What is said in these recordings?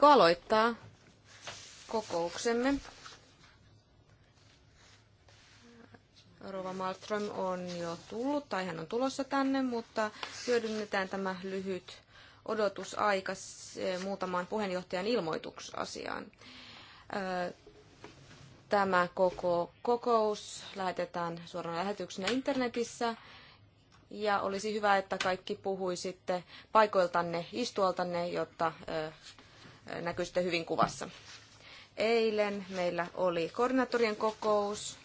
Voimmeko aloittaa kokouksemme? Rova Malmström on jo tullut, tai hän on tulossa tänne, mutta hyödynnetään tämä lyhyt odotusaika muutamaan puheenjohtajan ilmoituksasiaan. Tämä koko kokous lähetetään suorana lähetyksenä internetissä. Ja olisi hyvä, että kaikki puhuisitte paikoiltanne, istualtanne, jotta näkyy sitten hyvin kuvassa. Eilen meillä oli koordinaattorien kokous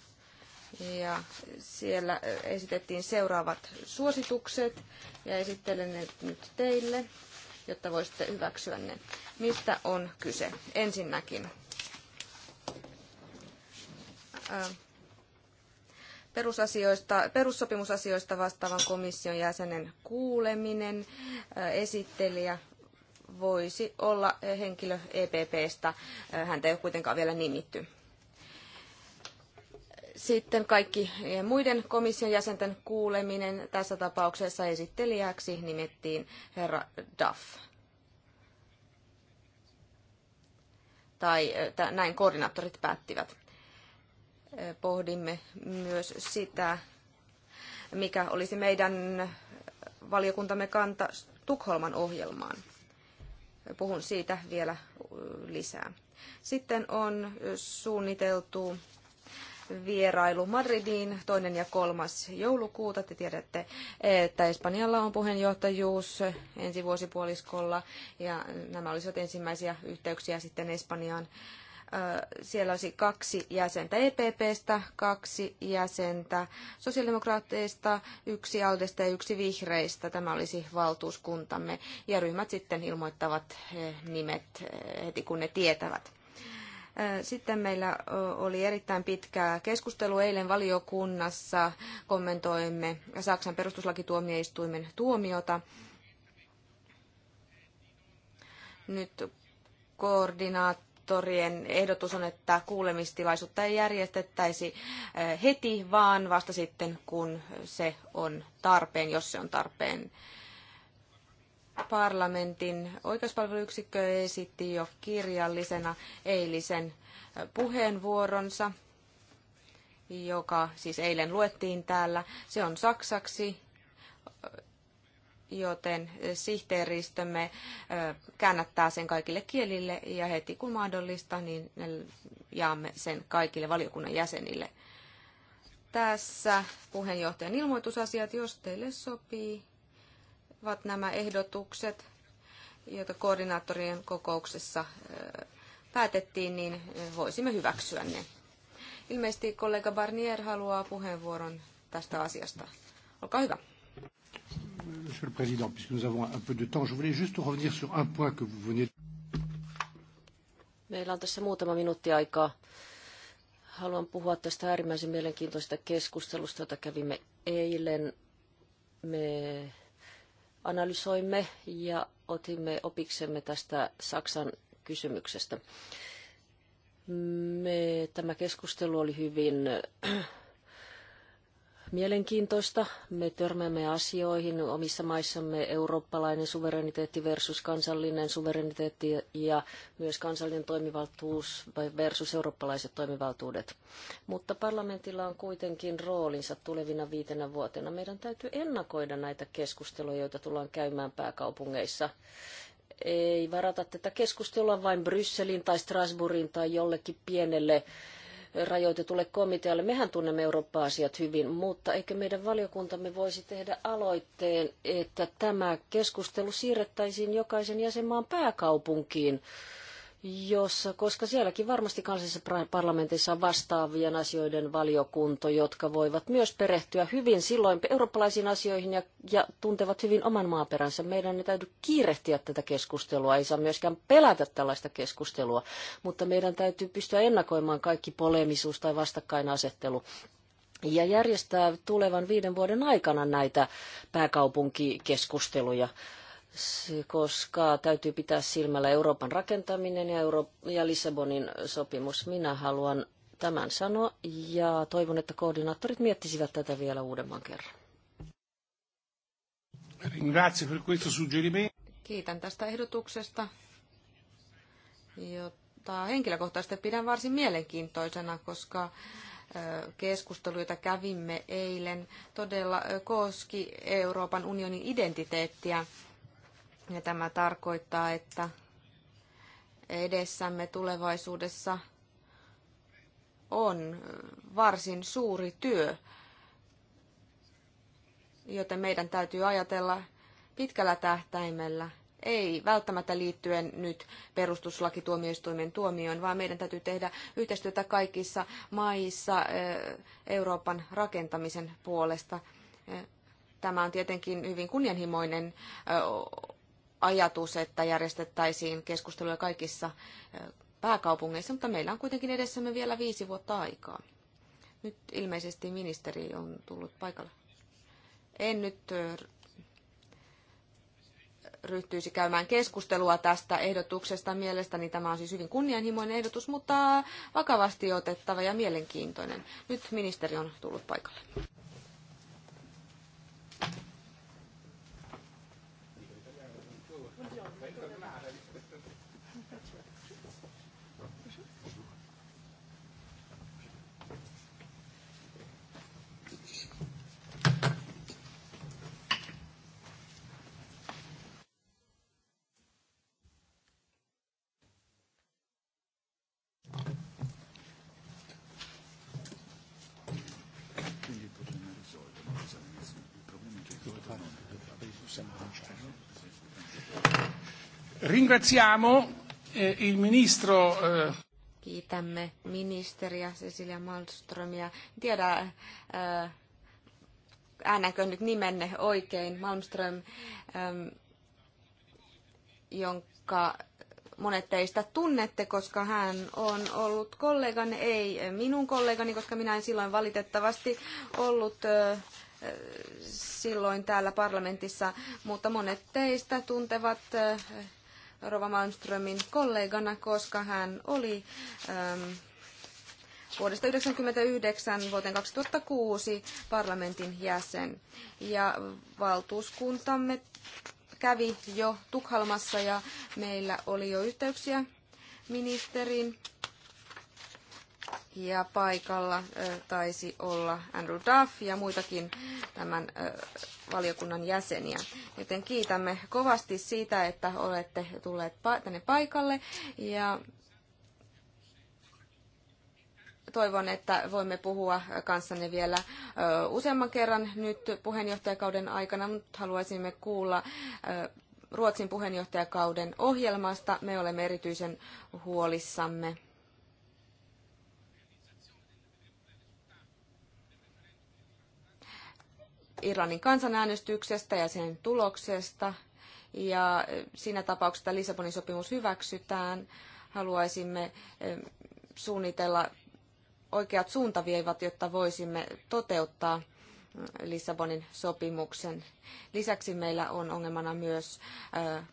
ja siellä esitettiin seuraavat suositukset ja esittelen ne nyt teille, jotta voisitte hyväksyä ne. Mistä on kyse? Ensinnäkin perusasioista, perussopimusasioista vastaavan komission jäsenen kuuleminen, esittelijä voisi olla henkilö EPPstä. Äh, häntä ei ole kuitenkaan vielä nimitty. Sitten kaikki muiden komission jäsenten kuuleminen tässä tapauksessa esittelijäksi nimettiin herra Duff. Tai äh, näin koordinaattorit päättivät. Äh, pohdimme myös sitä, mikä olisi meidän valiokuntamme kanta Tukholman ohjelmaan. Puhun siitä vielä lisää. Sitten on suunniteltu vierailu Madridiin toinen ja kolmas joulukuuta. Te tiedätte, että Espanjalla on puheenjohtajuus ensi vuosipuoliskolla ja nämä olisivat ensimmäisiä yhteyksiä sitten Espanjaan siellä olisi kaksi jäsentä EPPstä, kaksi jäsentä sosiaalidemokraateista, yksi Aldesta ja yksi Vihreistä. Tämä olisi valtuuskuntamme ja ryhmät sitten ilmoittavat nimet heti kun ne tietävät. Sitten meillä oli erittäin pitkä keskustelu eilen valiokunnassa. Kommentoimme Saksan perustuslakituomioistuimen tuomiota. Nyt koordinaat koordinaattorien ehdotus on, että kuulemistilaisuutta ei järjestettäisi eh, heti, vaan vasta sitten, kun se on tarpeen, jos se on tarpeen. Parlamentin oikeuspalveluyksikkö esitti jo kirjallisena eilisen eh, puheenvuoronsa, joka siis eilen luettiin täällä. Se on saksaksi eh, joten sihteeristömme käännättää sen kaikille kielille ja heti kun mahdollista, niin jaamme sen kaikille valiokunnan jäsenille. Tässä puheenjohtajan ilmoitusasiat, jos teille sopii, ovat nämä ehdotukset, joita koordinaattorien kokouksessa päätettiin, niin voisimme hyväksyä ne. Ilmeisesti kollega Barnier haluaa puheenvuoron tästä asiasta. Olkaa hyvä. Monsieur le Président, puisque nous avons un peu de temps, je voulais juste revenir sur un point que vous venez. Meillä on tässä muutama minuutti aikaa. Haluan puhua tästä äärimmäisen mielenkiintoista keskustelusta, jota kävimme eilen. Me analysoimme ja otimme opiksemme tästä Saksan kysymyksestä. Me, tämä keskustelu oli hyvin mielenkiintoista. Me törmäämme asioihin omissa maissamme eurooppalainen suvereniteetti versus kansallinen suvereniteetti ja myös kansallinen toimivaltuus versus eurooppalaiset toimivaltuudet. Mutta parlamentilla on kuitenkin roolinsa tulevina viitenä vuotena. Meidän täytyy ennakoida näitä keskusteluja, joita tullaan käymään pääkaupungeissa ei varata tätä keskustelua vain Brysseliin tai Strasbourgiin tai jollekin pienelle rajoitetulle komitealle. Mehän tunnemme Eurooppa-asiat hyvin, mutta eikö meidän valiokuntamme voisi tehdä aloitteen, että tämä keskustelu siirrettäisiin jokaisen jäsenmaan pääkaupunkiin? jossa, koska sielläkin varmasti kansallisessa parlamentissa on vastaavien asioiden valiokunto, jotka voivat myös perehtyä hyvin silloin eurooppalaisiin asioihin ja, ja tuntevat hyvin oman maaperänsä. Meidän ei täytyy kiirehtiä tätä keskustelua, ei saa myöskään pelätä tällaista keskustelua, mutta meidän täytyy pystyä ennakoimaan kaikki polemisuus tai vastakkainasettelu ja järjestää tulevan viiden vuoden aikana näitä pääkaupunkikeskusteluja koska täytyy pitää silmällä Euroopan rakentaminen ja, Euro- ja Lissabonin sopimus. Minä haluan tämän sanoa ja toivon, että koordinaattorit miettisivät tätä vielä uudemman kerran. Kiitän tästä ehdotuksesta, jota henkilökohtaisesti pidän varsin mielenkiintoisena, koska keskustelu, jota kävimme eilen, todella koski Euroopan unionin identiteettiä ja tämä tarkoittaa, että edessämme tulevaisuudessa on varsin suuri työ, joten meidän täytyy ajatella pitkällä tähtäimellä, ei välttämättä liittyen nyt perustuslakituomioistuimen tuomioon, vaan meidän täytyy tehdä yhteistyötä kaikissa maissa eh, Euroopan rakentamisen puolesta. Eh, tämä on tietenkin hyvin kunnianhimoinen eh, ajatus, että järjestettäisiin keskusteluja kaikissa pääkaupungeissa, mutta meillä on kuitenkin edessämme vielä viisi vuotta aikaa. Nyt ilmeisesti ministeri on tullut paikalle. En nyt ryhtyisi käymään keskustelua tästä ehdotuksesta. Mielestäni tämä on siis hyvin kunnianhimoinen ehdotus, mutta vakavasti otettava ja mielenkiintoinen. Nyt ministeri on tullut paikalle. Ringraziamo eh, il ministro... Eh... Kiitämme ministeriä Cecilia Malmströmiä. Tiedä, eh, äänäkö nyt nimenne oikein, Malmström, eh, jonka monet teistä tunnette, koska hän on ollut kollegani, ei minun kollegani, koska minä en silloin valitettavasti ollut eh, silloin täällä parlamentissa, mutta monet teistä tuntevat Rova Malmströmin kollegana, koska hän oli äm, vuodesta 1999 vuoteen 2006 parlamentin jäsen. Ja valtuuskuntamme kävi jo Tukhalmassa ja meillä oli jo yhteyksiä ministerin ja paikalla taisi olla Andrew Duff ja muitakin tämän valiokunnan jäseniä. Joten kiitämme kovasti siitä, että olette tulleet tänne paikalle ja toivon, että voimme puhua kanssanne vielä useamman kerran nyt puheenjohtajakauden aikana, mutta haluaisimme kuulla Ruotsin puheenjohtajakauden ohjelmasta. Me olemme erityisen huolissamme Irlannin kansanäänestyksestä ja sen tuloksesta. Ja e, siinä tapauksessa, että Lissabonin sopimus hyväksytään, haluaisimme e, suunnitella oikeat suuntavievat, jotta voisimme toteuttaa mm, Lissabonin sopimuksen. Lisäksi meillä on ongelmana myös e,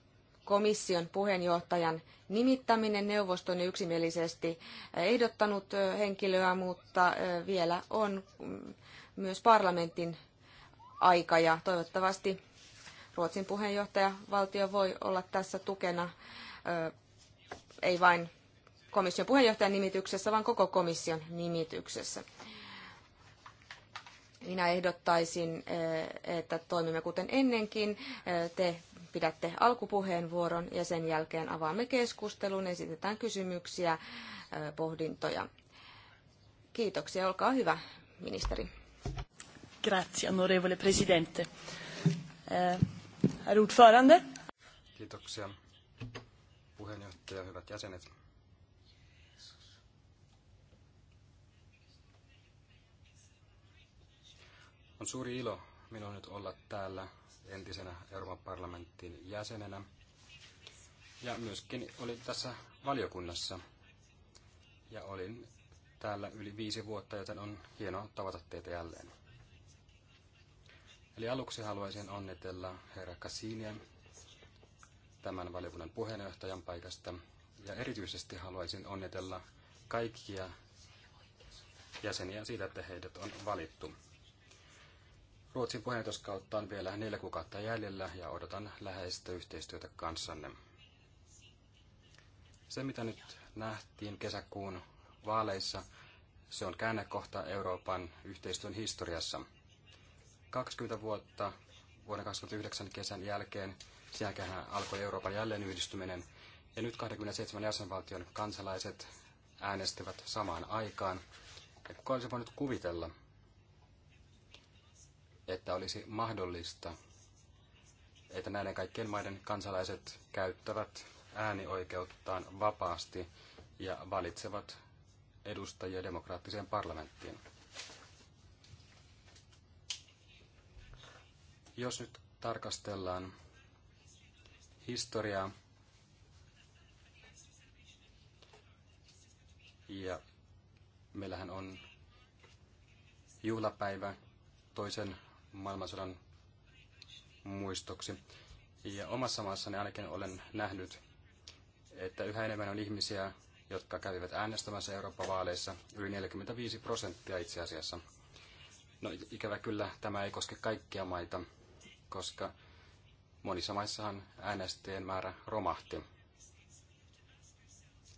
komission puheenjohtajan nimittäminen. Neuvosto on yksimielisesti ehdottanut henkilöä, mutta vielä on mm, myös parlamentin aika ja toivottavasti Ruotsin puheenjohtajavaltio voi olla tässä tukena ei vain komission puheenjohtajan nimityksessä, vaan koko komission nimityksessä. Minä ehdottaisin, että toimimme kuten ennenkin. Te pidätte alkupuheenvuoron ja sen jälkeen avaamme keskustelun, esitetään kysymyksiä, pohdintoja. Kiitoksia, olkaa hyvä, ministeri. Grazie, onorevole presidente. Herr eh, ordförande. Kiitoksia puheenjohtaja, hyvät jäsenet. On suuri ilo minun nyt olla täällä entisenä Euroopan parlamentin jäsenenä. Ja myöskin olin tässä valiokunnassa. Ja olin täällä yli viisi vuotta, joten on hienoa tavata teitä jälleen. Eli aluksi haluaisin onnitella herra Kasinia tämän valiokunnan puheenjohtajan paikasta. Ja erityisesti haluaisin onnitella kaikkia jäseniä siitä, että heidät on valittu. Ruotsin puheenjohtajuuskautta on vielä neljä kuukautta jäljellä ja odotan läheistä yhteistyötä kanssanne. Se, mitä nyt nähtiin kesäkuun vaaleissa, se on käännekohta Euroopan yhteistyön historiassa – 20 vuotta vuoden 2009 kesän jälkeen. Sen jälkeen alkoi Euroopan jälleenyhdistyminen. Ja nyt 27 jäsenvaltion kansalaiset äänestivät samaan aikaan. Ja kuka olisi voinut kuvitella, että olisi mahdollista, että näiden kaikkien maiden kansalaiset käyttävät äänioikeuttaan vapaasti ja valitsevat edustajia demokraattiseen parlamenttiin. Jos nyt tarkastellaan historiaa ja meillähän on juhlapäivä toisen maailmansodan muistoksi. Ja omassa maassani ainakin olen nähnyt, että yhä enemmän on ihmisiä, jotka kävivät äänestämässä Euroopan vaaleissa, yli 45 prosenttia itse asiassa. No ikävä kyllä tämä ei koske kaikkia maita, koska monissa maissahan äänestäjien määrä romahti.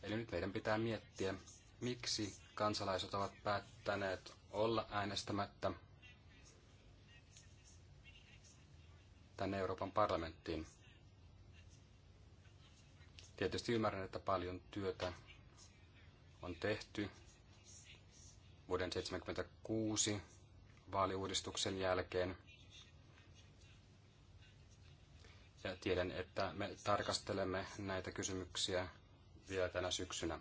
Eli nyt meidän pitää miettiä, miksi kansalaiset ovat päättäneet olla äänestämättä tänne Euroopan parlamenttiin. Tietysti ymmärrän, että paljon työtä on tehty vuoden 1976 vaaliuudistuksen jälkeen – ja tiedän, että me tarkastelemme näitä kysymyksiä vielä tänä syksynä.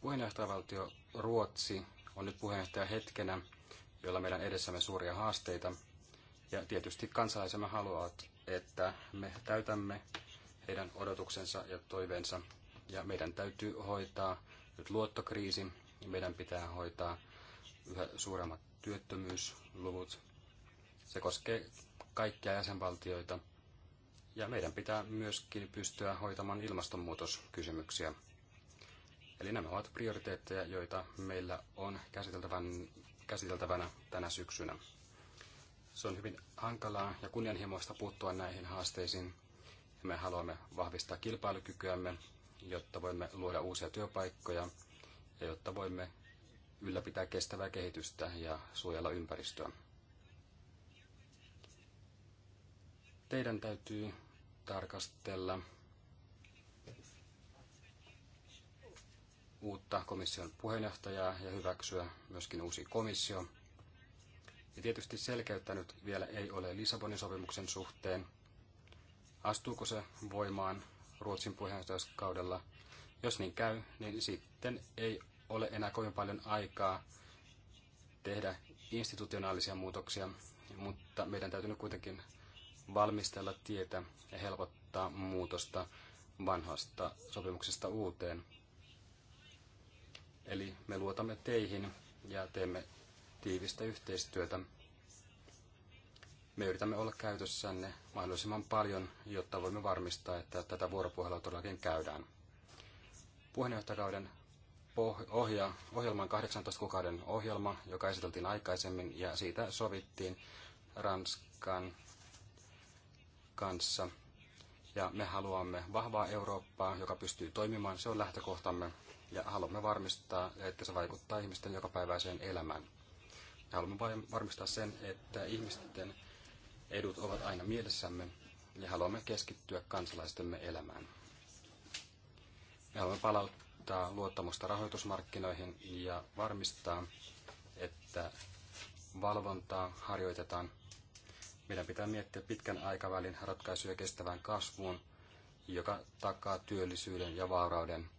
Puheenjohtajavaltio Ruotsi on nyt puheenjohtaja hetkenä, jolla meidän edessämme suuria haasteita. Ja tietysti kansalaisemme haluavat, että me täytämme heidän odotuksensa ja toiveensa. Ja meidän täytyy hoitaa nyt luottokriisi, meidän pitää hoitaa yhä suuremmat työttömyysluvut. Se koskee kaikkia jäsenvaltioita ja meidän pitää myöskin pystyä hoitamaan ilmastonmuutoskysymyksiä. Eli nämä ovat prioriteetteja, joita meillä on käsiteltävän, käsiteltävänä tänä syksynä. Se on hyvin hankalaa ja kunnianhimoista puuttua näihin haasteisiin. Me haluamme vahvistaa kilpailukykyämme, jotta voimme luoda uusia työpaikkoja ja jotta voimme ylläpitää kestävää kehitystä ja suojella ympäristöä. Teidän täytyy tarkastella uutta komission puheenjohtajaa ja hyväksyä myöskin uusi komissio. Ja tietysti selkeyttä nyt vielä ei ole Lissabonin sopimuksen suhteen. Astuuko se voimaan Ruotsin puheenjohtajakaudella, Jos niin käy, niin sitten ei ole enää kovin paljon aikaa tehdä institutionaalisia muutoksia, mutta meidän täytyy nyt kuitenkin valmistella tietä ja helpottaa muutosta vanhasta sopimuksesta uuteen. Eli me luotamme teihin ja teemme tiivistä yhteistyötä. Me yritämme olla käytössänne mahdollisimman paljon, jotta voimme varmistaa, että tätä vuoropuhelua todellakin käydään. Puheenjohtajakauden ohja, ohjelman 18 kuukauden ohjelma, joka esiteltiin aikaisemmin, ja siitä sovittiin Ranskan kanssa. Ja me haluamme vahvaa Eurooppaa, joka pystyy toimimaan. Se on lähtökohtamme. Ja haluamme varmistaa, että se vaikuttaa ihmisten jokapäiväiseen elämään. Ja haluamme varmistaa sen, että ihmisten edut ovat aina mielessämme ja haluamme keskittyä kansalaistemme elämään. Me haluamme palauttaa luottamusta rahoitusmarkkinoihin ja varmistaa, että valvontaa harjoitetaan meidän pitää miettiä pitkän aikavälin ratkaisuja kestävään kasvuun, joka takaa työllisyyden ja vaurauden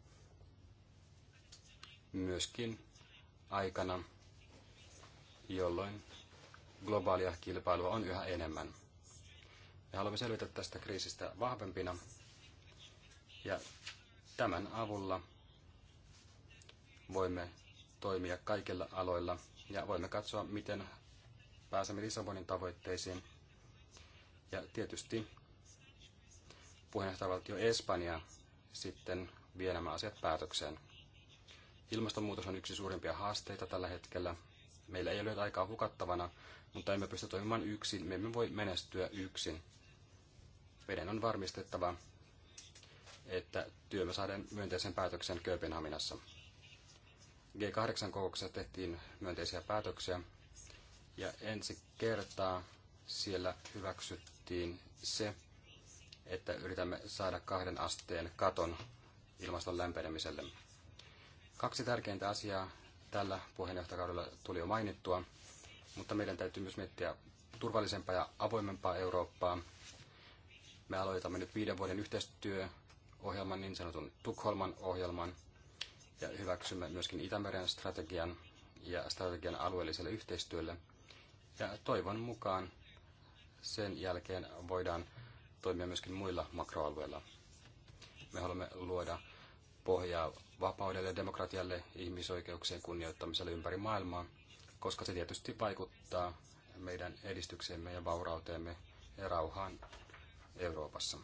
myöskin aikana, jolloin globaalia kilpailua on yhä enemmän. Me haluamme selvitä tästä kriisistä vahvempina ja tämän avulla voimme toimia kaikilla aloilla ja voimme katsoa, miten pääsemme Lissabonin tavoitteisiin ja tietysti puheenjohtajavaltio Espanja sitten vie nämä asiat päätökseen. Ilmastonmuutos on yksi suurimpia haasteita tällä hetkellä. Meillä ei ole aikaa hukattavana, mutta emme pysty toimimaan yksin. Me emme voi menestyä yksin. Meidän on varmistettava, että työmme saadaan myönteisen päätöksen Kööpenhaminassa. G8-kokouksessa tehtiin myönteisiä päätöksiä ja ensi kertaa siellä hyväksyttiin se, että yritämme saada kahden asteen katon ilmaston lämpenemiselle. Kaksi tärkeintä asiaa tällä puheenjohtajakaudella tuli jo mainittua, mutta meidän täytyy myös miettiä turvallisempaa ja avoimempaa Eurooppaa. Me aloitamme nyt viiden vuoden yhteistyöohjelman, niin sanotun Tukholman ohjelman, ja hyväksymme myöskin Itämeren strategian ja strategian alueelliselle yhteistyölle. Ja toivon mukaan sen jälkeen voidaan toimia myöskin muilla makroalueilla. Me haluamme luoda pohjaa vapaudelle, demokratialle, ihmisoikeuksien kunnioittamiselle ympäri maailmaa, koska se tietysti vaikuttaa meidän edistykseemme ja vaurauteemme ja rauhaan Euroopassa.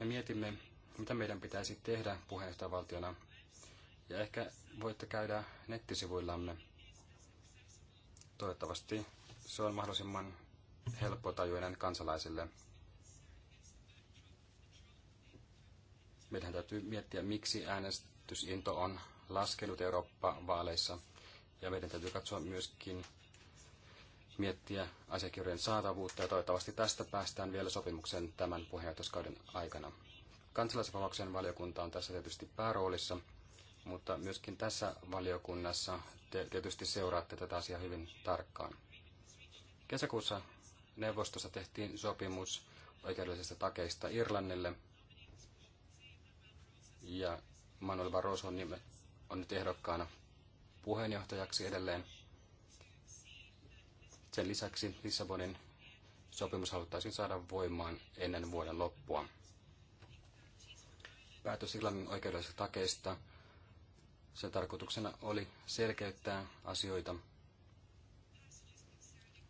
Me mietimme, mitä meidän pitäisi tehdä puheenjohtajavaltiona, ja ehkä voitte käydä nettisivuillamme – Toivottavasti se on mahdollisimman tajuinen kansalaisille. Meidän täytyy miettiä, miksi äänestysinto on laskenut Eurooppa-vaaleissa. Ja meidän täytyy katsoa myöskin miettiä asiakirjojen saatavuutta ja toivottavasti tästä päästään vielä sopimuksen tämän puheenjohtajuuskauden aikana. Kansalaisvapauksien valiokunta on tässä tietysti pääroolissa, mutta myöskin tässä valiokunnassa te tietysti seuraatte tätä asiaa hyvin tarkkaan. Kesäkuussa neuvostossa tehtiin sopimus oikeudellisista takeista Irlannille, ja Manuel Barroso on nyt ehdokkaana puheenjohtajaksi edelleen. Sen lisäksi Lissabonin sopimus haluttaisiin saada voimaan ennen vuoden loppua. Päätös Irlannin oikeudellisista takeista sen tarkoituksena oli selkeyttää asioita.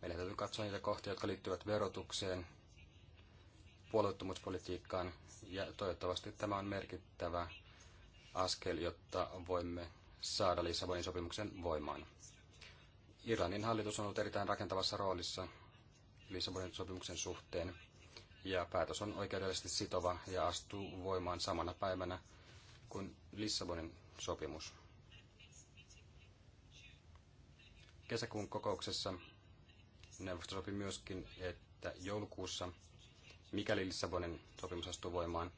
Meidän täytyy katsoa niitä kohtia, jotka liittyvät verotukseen, puolueettomuuspolitiikkaan, ja toivottavasti tämä on merkittävä askel, jotta voimme saada Lissabonin sopimuksen voimaan. Irlannin hallitus on ollut erittäin rakentavassa roolissa Lissabonin sopimuksen suhteen, ja päätös on oikeudellisesti sitova ja astuu voimaan samana päivänä kuin Lissabonin sopimus. Kesäkuun kokouksessa neuvosto sopi myöskin, että joulukuussa, mikäli Lissabonin sopimus astuu voimaan,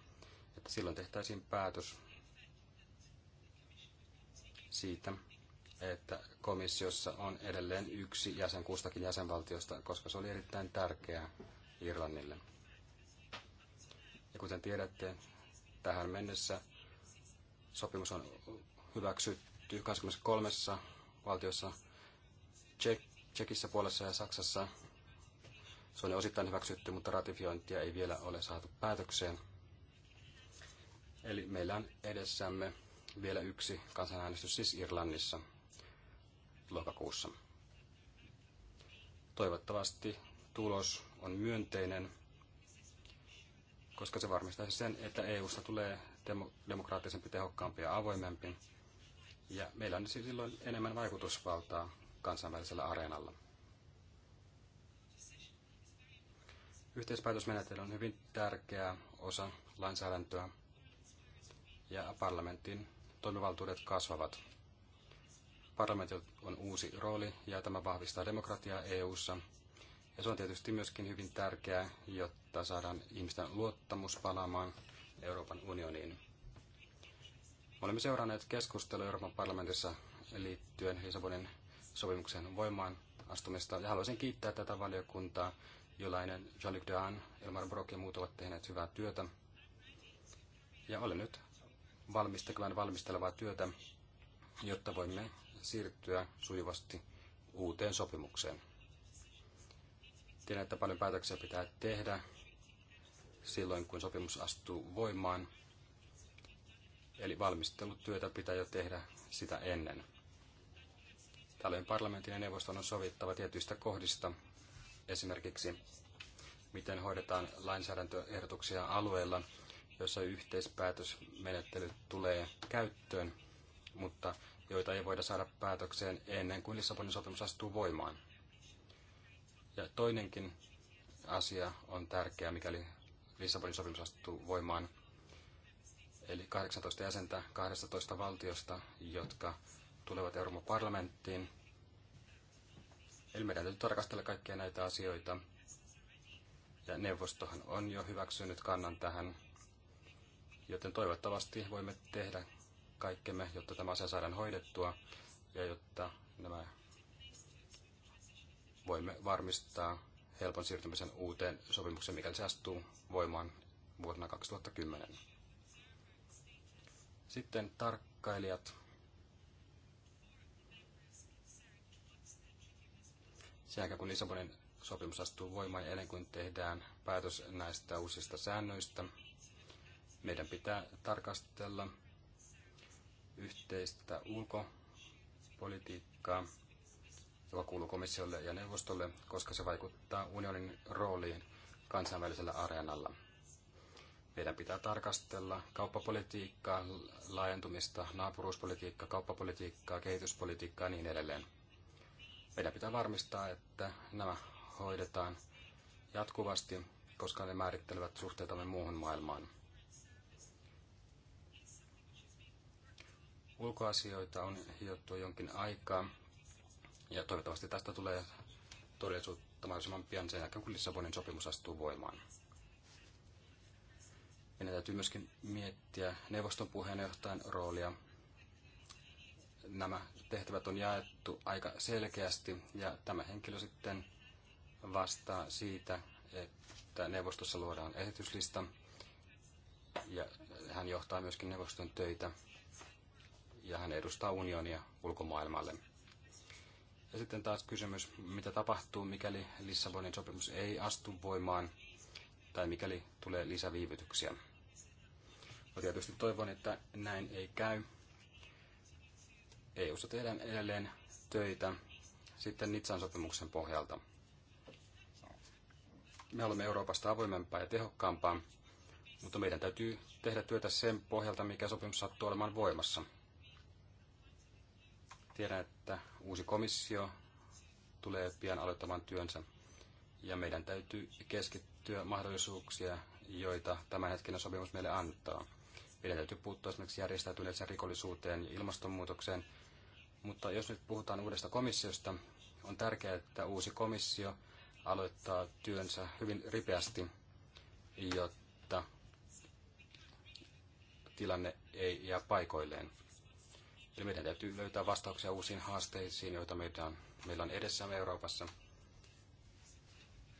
että silloin tehtäisiin päätös siitä, että komissiossa on edelleen yksi jäsen kustakin jäsenvaltiosta, koska se oli erittäin tärkeää Irlannille. Ja kuten tiedätte, tähän mennessä sopimus on hyväksytty 23 valtiossa Tsekissä, Puolassa ja Saksassa se on osittain hyväksytty, mutta ratifiointia ei vielä ole saatu päätökseen. Eli meillä on edessämme vielä yksi kansanäänestys siis Irlannissa lokakuussa. Toivottavasti tulos on myönteinen, koska se varmistaisi sen, että EUsta tulee demokraattisempi, tehokkaampi ja avoimempi. Ja meillä on silloin enemmän vaikutusvaltaa kansainvälisellä areenalla. Yhteispäätösmenettely on hyvin tärkeä osa lainsäädäntöä ja parlamentin toimivaltuudet kasvavat. Parlamentti on uusi rooli ja tämä vahvistaa demokratiaa EU:ssa. Ja se on tietysti myöskin hyvin tärkeää, jotta saadaan ihmisten luottamus palaamaan Euroopan unioniin. Olemme seuranneet keskustelua Euroopan parlamentissa liittyen Lissabonin sopimuksen voimaan astumista. Ja haluaisin kiittää tätä valiokuntaa, jollainen Jean-Luc Dehaan, Elmar Brock ja muut ovat tehneet hyvää työtä. Ja olen nyt valmistelevan valmistelevaa työtä, jotta voimme siirtyä sujuvasti uuteen sopimukseen. Tiedän, että paljon päätöksiä pitää tehdä silloin, kun sopimus astuu voimaan. Eli valmistelutyötä pitää jo tehdä sitä ennen. Tällöin parlamentin ja neuvoston on sovittava tietyistä kohdista, esimerkiksi miten hoidetaan lainsäädäntöehdotuksia alueilla, joissa yhteispäätösmenettely tulee käyttöön, mutta joita ei voida saada päätökseen ennen kuin Lissabonin sopimus astuu voimaan. Ja toinenkin asia on tärkeä, mikäli Lissabonin sopimus astuu voimaan, eli 18 jäsentä 12 valtiosta, jotka tulevat Euroopan parlamenttiin. Eli meidän täytyy tarkastella kaikkia näitä asioita. Ja neuvostohan on jo hyväksynyt kannan tähän, joten toivottavasti voimme tehdä kaikkemme, jotta tämä asia saadaan hoidettua ja jotta nämä voimme varmistaa helpon siirtymisen uuteen sopimukseen, mikäli se astuu voimaan vuonna 2010. Sitten tarkkailijat. sen jälkeen, kun Lissabonin sopimus astuu voimaan ja ennen kuin tehdään päätös näistä uusista säännöistä, meidän pitää tarkastella yhteistä ulkopolitiikkaa, joka kuuluu komissiolle ja neuvostolle, koska se vaikuttaa unionin rooliin kansainvälisellä areenalla. Meidän pitää tarkastella kauppapolitiikkaa, laajentumista, naapuruuspolitiikkaa, kauppapolitiikkaa, kehityspolitiikkaa ja niin edelleen. Meidän pitää varmistaa, että nämä hoidetaan jatkuvasti, koska ne määrittelevät suhteitamme muuhun maailmaan. Ulkoasioita on hiottu jonkin aikaa, ja toivottavasti tästä tulee todellisuutta mahdollisimman pian sen jälkeen, kun Lissabonin sopimus astuu voimaan. Meidän täytyy myöskin miettiä neuvoston puheenjohtajan roolia nämä tehtävät on jaettu aika selkeästi ja tämä henkilö sitten vastaa siitä, että neuvostossa luodaan esityslista ja hän johtaa myöskin neuvoston töitä ja hän edustaa unionia ulkomaailmalle. Ja sitten taas kysymys, mitä tapahtuu, mikäli Lissabonin sopimus ei astu voimaan tai mikäli tulee lisäviivytyksiä. No tietysti toivon, että näin ei käy, EU-ssa tehdään edelleen töitä sitten Nitsan sopimuksen pohjalta. Me olemme Euroopasta avoimempaa ja tehokkaampaa, mutta meidän täytyy tehdä työtä sen pohjalta, mikä sopimus sattuu olemaan voimassa. Tiedän, että uusi komissio tulee pian aloittamaan työnsä, ja meidän täytyy keskittyä mahdollisuuksia, joita tämänhetkinen sopimus meille antaa. Meidän täytyy puuttua esimerkiksi järjestäytyneeseen rikollisuuteen ja ilmastonmuutokseen, mutta jos nyt puhutaan uudesta komissiosta, on tärkeää, että uusi komissio aloittaa työnsä hyvin ripeästi, jotta tilanne ei jää paikoilleen. Eli meidän täytyy löytää vastauksia uusiin haasteisiin, joita meidän, meillä on edessämme Euroopassa.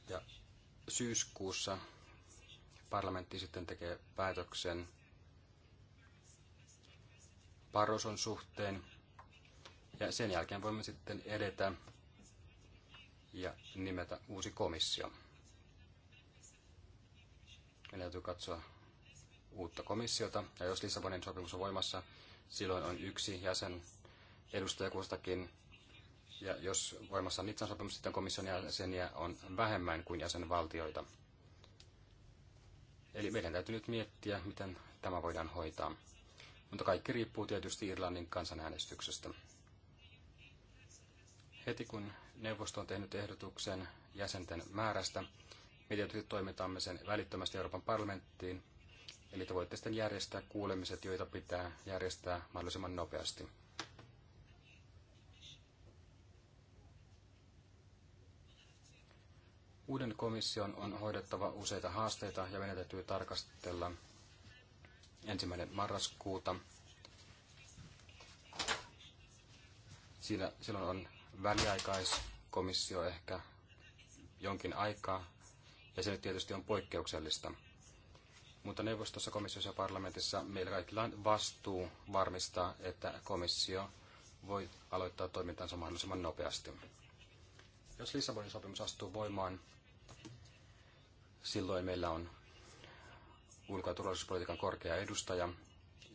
Ja syyskuussa parlamentti sitten tekee päätöksen Paroson suhteen ja sen jälkeen voimme sitten edetä ja nimetä uusi komissio. Meidän täytyy katsoa uutta komissiota. Ja jos Lissabonin sopimus on voimassa, silloin on yksi jäsen edustaja kustakin. Ja jos voimassa on Nitsan sopimus, sitten komission jäseniä on vähemmän kuin jäsenvaltioita. Eli meidän täytyy nyt miettiä, miten tämä voidaan hoitaa. Mutta kaikki riippuu tietysti Irlannin kansanäänestyksestä. Heti kun neuvosto on tehnyt ehdotuksen jäsenten määrästä, me tietysti toimitamme sen välittömästi Euroopan parlamenttiin, eli te voitte sitten järjestää kuulemiset, joita pitää järjestää mahdollisimman nopeasti. Uuden komission on hoidettava useita haasteita ja meidän täytyy tarkastella ensimmäinen marraskuuta. Siinä, silloin on väliaikaiskomissio ehkä jonkin aikaa, ja se nyt tietysti on poikkeuksellista. Mutta neuvostossa, komissiossa ja parlamentissa meillä kaikilla on vastuu varmistaa, että komissio voi aloittaa toimintansa mahdollisimman nopeasti. Jos Lissabonin sopimus astuu voimaan, silloin meillä on ulko- ja turvallisuuspolitiikan korkea edustaja,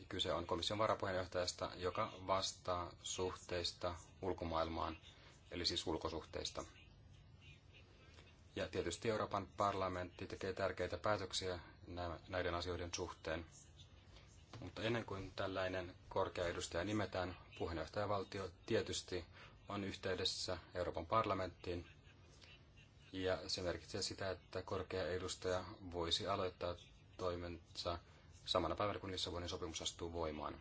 Kyse on komission varapuheenjohtajasta, joka vastaa suhteista ulkomaailmaan, eli siis ulkosuhteista. Ja tietysti Euroopan parlamentti tekee tärkeitä päätöksiä näiden asioiden suhteen. Mutta ennen kuin tällainen korkea edustaja nimetään, puheenjohtajavaltio tietysti on yhteydessä Euroopan parlamenttiin. Ja se merkitsee sitä, että korkea edustaja voisi aloittaa toimensa samana päivänä, kun Lissabonin sopimus astuu voimaan.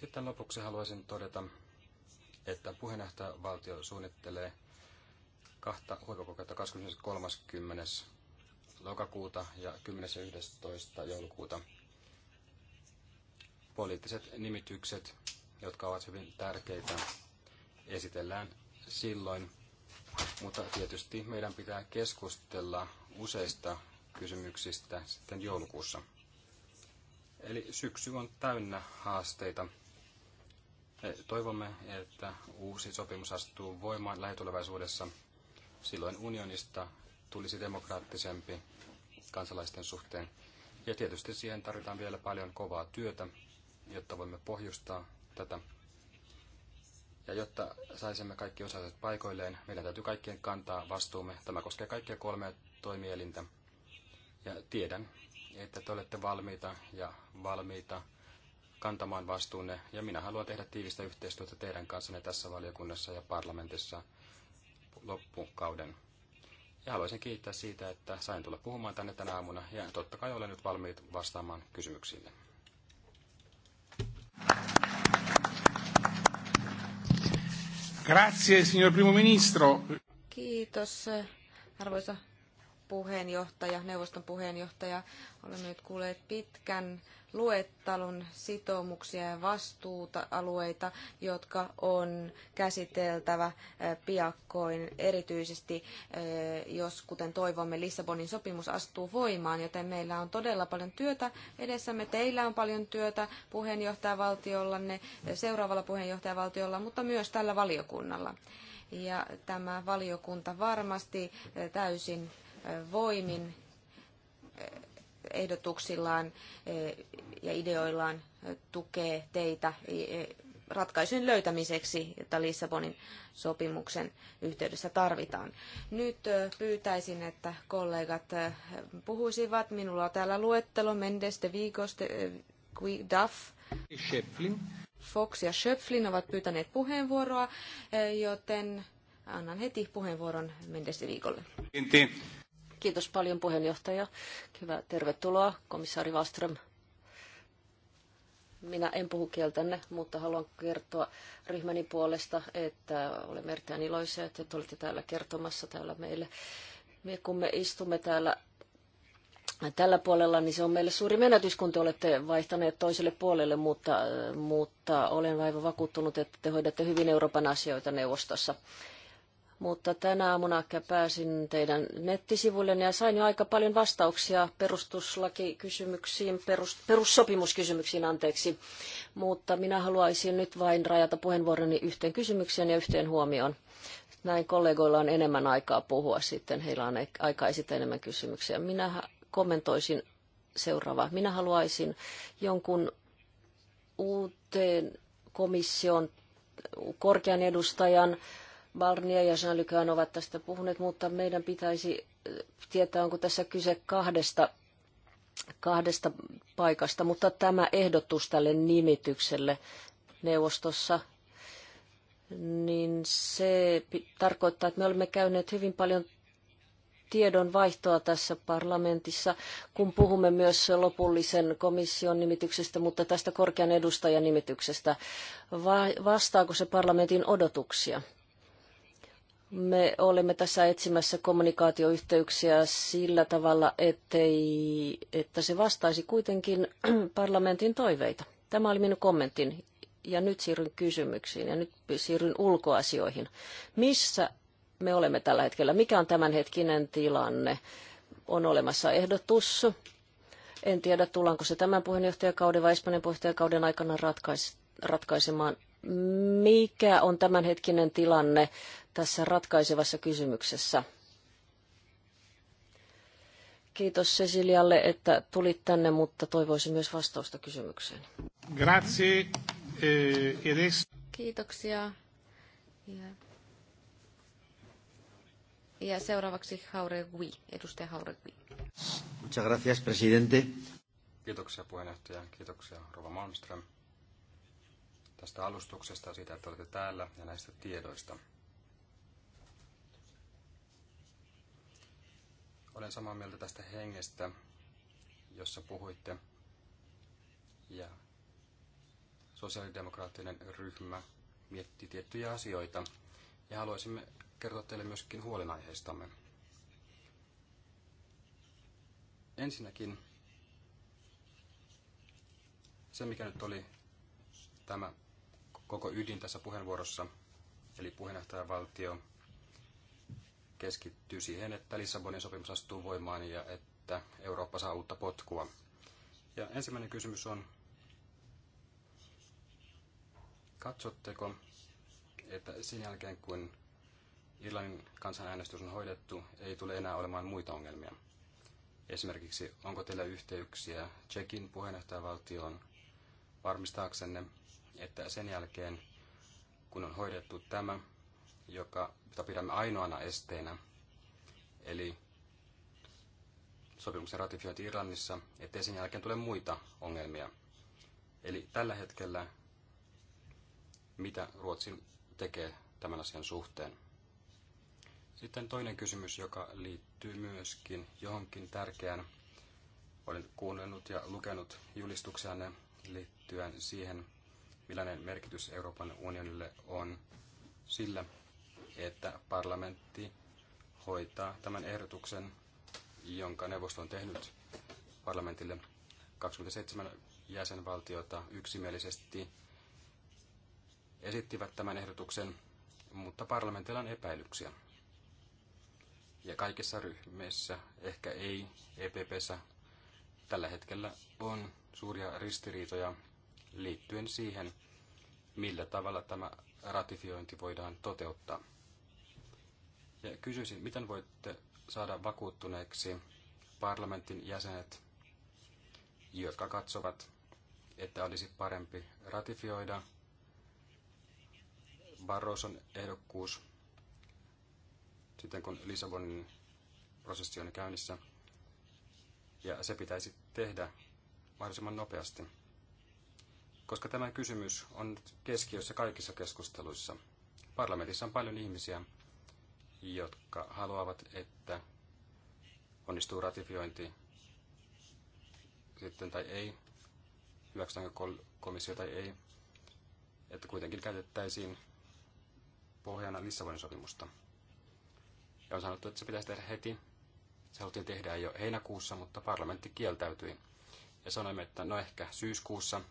Sitten lopuksi haluaisin todeta, että valtio suunnittelee kahta huippukokousta 30. lokakuuta ja 10. ja 11. joulukuuta. Poliittiset nimitykset, jotka ovat hyvin tärkeitä, esitellään silloin, mutta tietysti meidän pitää keskustella useista kysymyksistä sitten joulukuussa. Eli syksy on täynnä haasteita. Toivomme, että uusi sopimus astuu voimaan lähitulevaisuudessa. Silloin unionista tulisi demokraattisempi kansalaisten suhteen. Ja tietysti siihen tarvitaan vielä paljon kovaa työtä, jotta voimme pohjustaa tätä. Ja jotta saisimme kaikki osaiset paikoilleen, meidän täytyy kaikkien kantaa vastuumme. Tämä koskee kaikkia kolmea toimielintä. Ja tiedän, että te olette valmiita ja valmiita kantamaan vastuunne, ja minä haluan tehdä tiivistä yhteistyötä teidän kanssanne tässä valiokunnassa ja parlamentissa loppukauden. Ja haluaisin kiittää siitä, että sain tulla puhumaan tänne tänä aamuna, ja totta kai olen nyt valmiit vastaamaan kysymyksiinne. Grazie, signor primo ministro. Kiitos, arvoisa puheenjohtaja, neuvoston puheenjohtaja. Olemme nyt kuulleet pitkän luettelun sitoumuksia ja vastuualueita, jotka on käsiteltävä eh, piakkoin, erityisesti eh, jos, kuten toivomme, Lissabonin sopimus astuu voimaan, joten meillä on todella paljon työtä edessämme. Teillä on paljon työtä puheenjohtajavaltiollanne, eh, seuraavalla puheenjohtajavaltiolla, mutta myös tällä valiokunnalla. Ja tämä valiokunta varmasti täysin voimin ehdotuksillaan ja ideoillaan tukee teitä ratkaisujen löytämiseksi, jota Lissabonin sopimuksen yhteydessä tarvitaan. Nyt pyytäisin, että kollegat puhuisivat. Minulla on täällä luettelo Mendes de Vigos, de Duff, Schöpflin. Fox ja Schöpflin ovat pyytäneet puheenvuoroa, joten annan heti puheenvuoron Mendes de Vigolle. Kiitos paljon puheenjohtaja. Hyvä, tervetuloa komissaari Wallström. Minä en puhu kieltänne, mutta haluan kertoa ryhmäni puolesta, että olemme erittäin iloisia, että te olette täällä kertomassa täällä meille. Me, kun me istumme täällä tällä puolella, niin se on meille suuri menetys, kun te olette vaihtaneet toiselle puolelle, mutta, mutta olen aivan vakuuttunut, että te hoidatte hyvin Euroopan asioita neuvostossa mutta tänä aamuna pääsin teidän nettisivuille ja sain jo aika paljon vastauksia perustuslakikysymyksiin, perus, perussopimuskysymyksiin, anteeksi. Mutta minä haluaisin nyt vain rajata puheenvuoroni yhteen kysymykseen ja yhteen huomioon. Näin kollegoilla on enemmän aikaa puhua sitten, heillä on aikaa esittää enemmän kysymyksiä. Minä kommentoisin seuraavaa. Minä haluaisin jonkun uuteen komission korkean edustajan Barnier ja Jean-Luc ovat tästä puhuneet, mutta meidän pitäisi äh, tietää, onko tässä kyse kahdesta, kahdesta paikasta. Mutta tämä ehdotus tälle nimitykselle neuvostossa niin se tarkoittaa, että me olemme käyneet hyvin paljon tiedonvaihtoa tässä parlamentissa, kun puhumme myös lopullisen komission nimityksestä, mutta tästä korkean edustajan nimityksestä. vastaako se parlamentin odotuksia? Me olemme tässä etsimässä kommunikaatioyhteyksiä sillä tavalla, ettei, että se vastaisi kuitenkin parlamentin toiveita. Tämä oli minun kommentin ja nyt siirryn kysymyksiin ja nyt siirryn ulkoasioihin. Missä me olemme tällä hetkellä? Mikä on tämänhetkinen tilanne? On olemassa ehdotus. En tiedä, tullaanko se tämän puheenjohtajakauden vai Espanjan puheenjohtajakauden aikana ratkaisemaan mikä on tämänhetkinen tilanne tässä ratkaisevassa kysymyksessä? Kiitos Cecilialle, että tulit tänne, mutta toivoisin myös vastausta kysymykseen. Grazie. Eh, kiitoksia. Ja, ja seuraavaksi Hauregui, edustaja Hauregui. Muchas gracias, presidente. Kiitoksia puheenjohtaja, kiitoksia Rova Malmström tästä alustuksesta, siitä, että olette täällä ja näistä tiedoista. Olen samaa mieltä tästä hengestä, jossa puhuitte. Ja sosiaalidemokraattinen ryhmä mietti tiettyjä asioita. Ja haluaisimme kertoa teille myöskin huolenaiheistamme. Ensinnäkin se, mikä nyt oli tämä koko ydin tässä puheenvuorossa, eli puheenjohtajavaltio keskittyy siihen, että Lissabonin sopimus astuu voimaan ja että Eurooppa saa uutta potkua. Ja ensimmäinen kysymys on, katsotteko, että sen jälkeen kun Irlannin kansanäänestys on hoidettu, ei tule enää olemaan muita ongelmia? Esimerkiksi onko teillä yhteyksiä Tsekin puheenjohtajavaltioon varmistaaksenne, että sen jälkeen, kun on hoidettu tämä, joka, jota pidämme ainoana esteenä, eli sopimuksen ratifiointi Irlannissa, ettei sen jälkeen tule muita ongelmia. Eli tällä hetkellä, mitä Ruotsin tekee tämän asian suhteen. Sitten toinen kysymys, joka liittyy myöskin johonkin tärkeään. Olen kuunnellut ja lukenut julistuksianne liittyen siihen, millainen merkitys Euroopan unionille on sillä, että parlamentti hoitaa tämän ehdotuksen, jonka neuvosto on tehnyt parlamentille 27 jäsenvaltiota yksimielisesti esittivät tämän ehdotuksen, mutta parlamentilla on epäilyksiä. Ja kaikissa ryhmissä, ehkä ei EPPssä, tällä hetkellä on suuria ristiriitoja liittyen siihen, millä tavalla tämä ratifiointi voidaan toteuttaa. Ja kysyisin, miten voitte saada vakuuttuneeksi parlamentin jäsenet, jotka katsovat, että olisi parempi ratifioida Barroson ehdokkuus sitten kun Lissabonin prosessi on käynnissä, ja se pitäisi tehdä mahdollisimman nopeasti koska tämä kysymys on keskiössä kaikissa keskusteluissa. Parlamentissa on paljon ihmisiä, jotka haluavat, että onnistuu ratifiointi sitten tai ei, hyväksytäänkö komissio tai ei, että kuitenkin käytettäisiin pohjana Lissabonin sopimusta. Ja on sanottu, että se pitäisi tehdä heti. Se haluttiin tehdä jo heinäkuussa, mutta parlamentti kieltäytyi. Ja sanoimme, että no ehkä syyskuussa –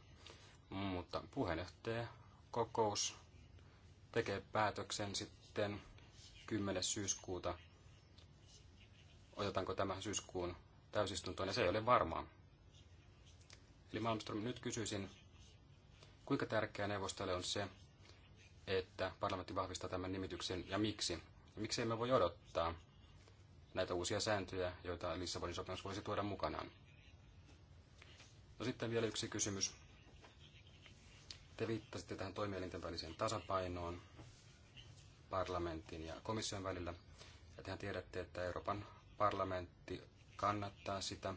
mutta puheenjohtaja kokous tekee päätöksen sitten 10. syyskuuta, otetaanko tämä syyskuun täysistuntoon, ja no se ei ole varmaa. Eli Malmström, nyt kysyisin, kuinka tärkeää neuvostolle on se, että parlamentti vahvistaa tämän nimityksen, ja miksi? Miksi emme voi odottaa näitä uusia sääntöjä, joita Lissabonin sopimus voisi tuoda mukanaan? No sitten vielä yksi kysymys. Te viittasitte tähän toimielinten väliseen tasapainoon parlamentin ja komission välillä. Ja tehän tiedätte, että Euroopan parlamentti kannattaa sitä,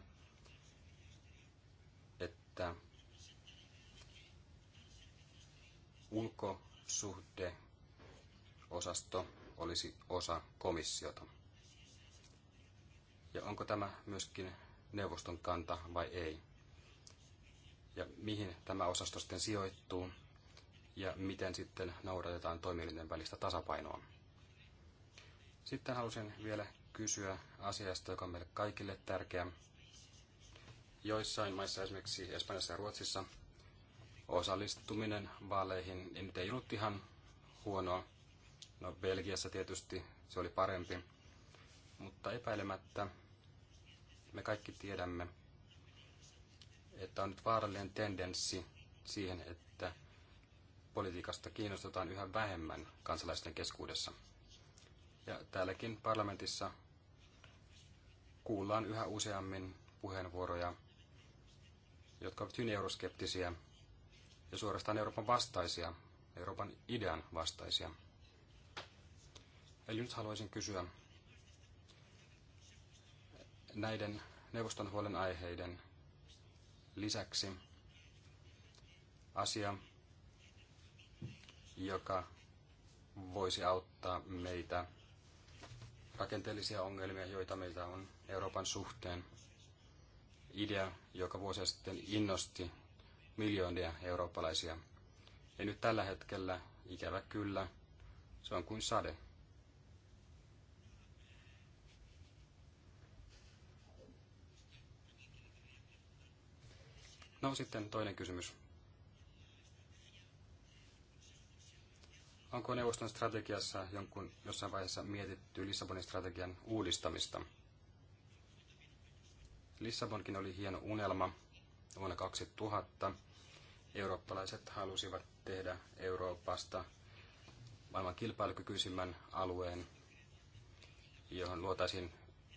että ulkosuhdeosasto olisi osa komissiota. Ja onko tämä myöskin neuvoston kanta vai ei? ja mihin tämä osasto sitten sijoittuu ja miten sitten noudatetaan toimielinten välistä tasapainoa. Sitten halusin vielä kysyä asiasta, joka on meille kaikille tärkeä. Joissain maissa, esimerkiksi Espanjassa ja Ruotsissa, osallistuminen vaaleihin niin ei nyt ollut ihan huonoa. No Belgiassa tietysti se oli parempi, mutta epäilemättä me kaikki tiedämme, että on nyt vaarallinen tendenssi siihen, että politiikasta kiinnostutaan yhä vähemmän kansalaisten keskuudessa. Ja täälläkin parlamentissa kuullaan yhä useammin puheenvuoroja, jotka ovat hyvin euroskeptisiä ja suorastaan Euroopan vastaisia, Euroopan idean vastaisia. Eli nyt haluaisin kysyä näiden neuvoston huolenaiheiden lisäksi asia, joka voisi auttaa meitä rakenteellisia ongelmia, joita meillä on Euroopan suhteen. Idea, joka vuosia sitten innosti miljoonia eurooppalaisia. Ja nyt tällä hetkellä, ikävä kyllä, se on kuin sade. No sitten toinen kysymys. Onko neuvoston strategiassa jonkun, jossain vaiheessa mietitty Lissabonin strategian uudistamista? Lissabonkin oli hieno unelma. Vuonna 2000 eurooppalaiset halusivat tehdä Euroopasta maailman kilpailukykyisimmän alueen, johon luotaisiin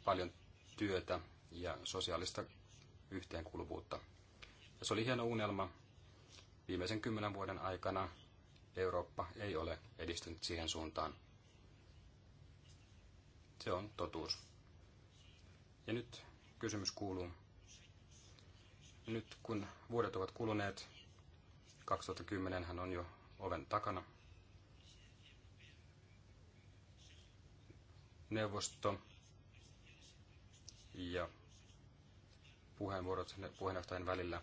paljon työtä ja sosiaalista yhteenkuuluvuutta. Se oli hieno unelma. Viimeisen kymmenen vuoden aikana Eurooppa ei ole edistynyt siihen suuntaan. Se on totuus. Ja nyt kysymys kuuluu. Nyt kun vuodet ovat kuluneet, 2010 hän on jo oven takana, neuvosto ja puheenvuorot puheenjohtajan välillä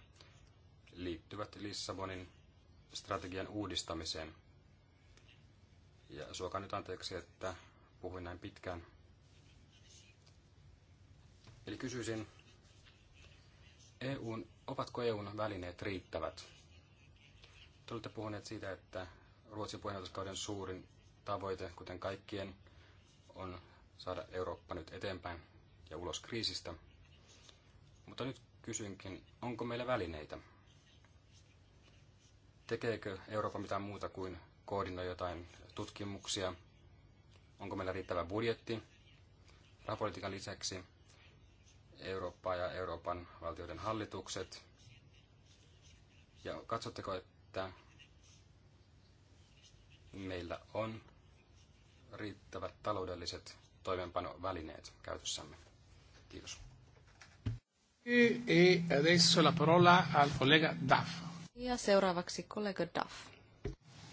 liittyvät Lissabonin strategian uudistamiseen. Ja suokaa nyt anteeksi, että puhuin näin pitkään. Eli kysyisin, EUn, ovatko EUn välineet riittävät? Te olette puhuneet siitä, että Ruotsin puheenjohtajuuskauden suurin tavoite, kuten kaikkien, on saada Eurooppa nyt eteenpäin ja ulos kriisistä. Mutta nyt kysynkin, onko meillä välineitä? Tekeekö Eurooppa mitään muuta kuin koordinoi jotain tutkimuksia? Onko meillä riittävä budjetti? Rahapolitiikan lisäksi Eurooppaa ja Euroopan valtioiden hallitukset. Ja katsotteko, että meillä on riittävät taloudelliset toimeenpanovälineet käytössämme. Kiitos. E adesso la parola al collega Daff. Ja seuraavaksi kollega Duff.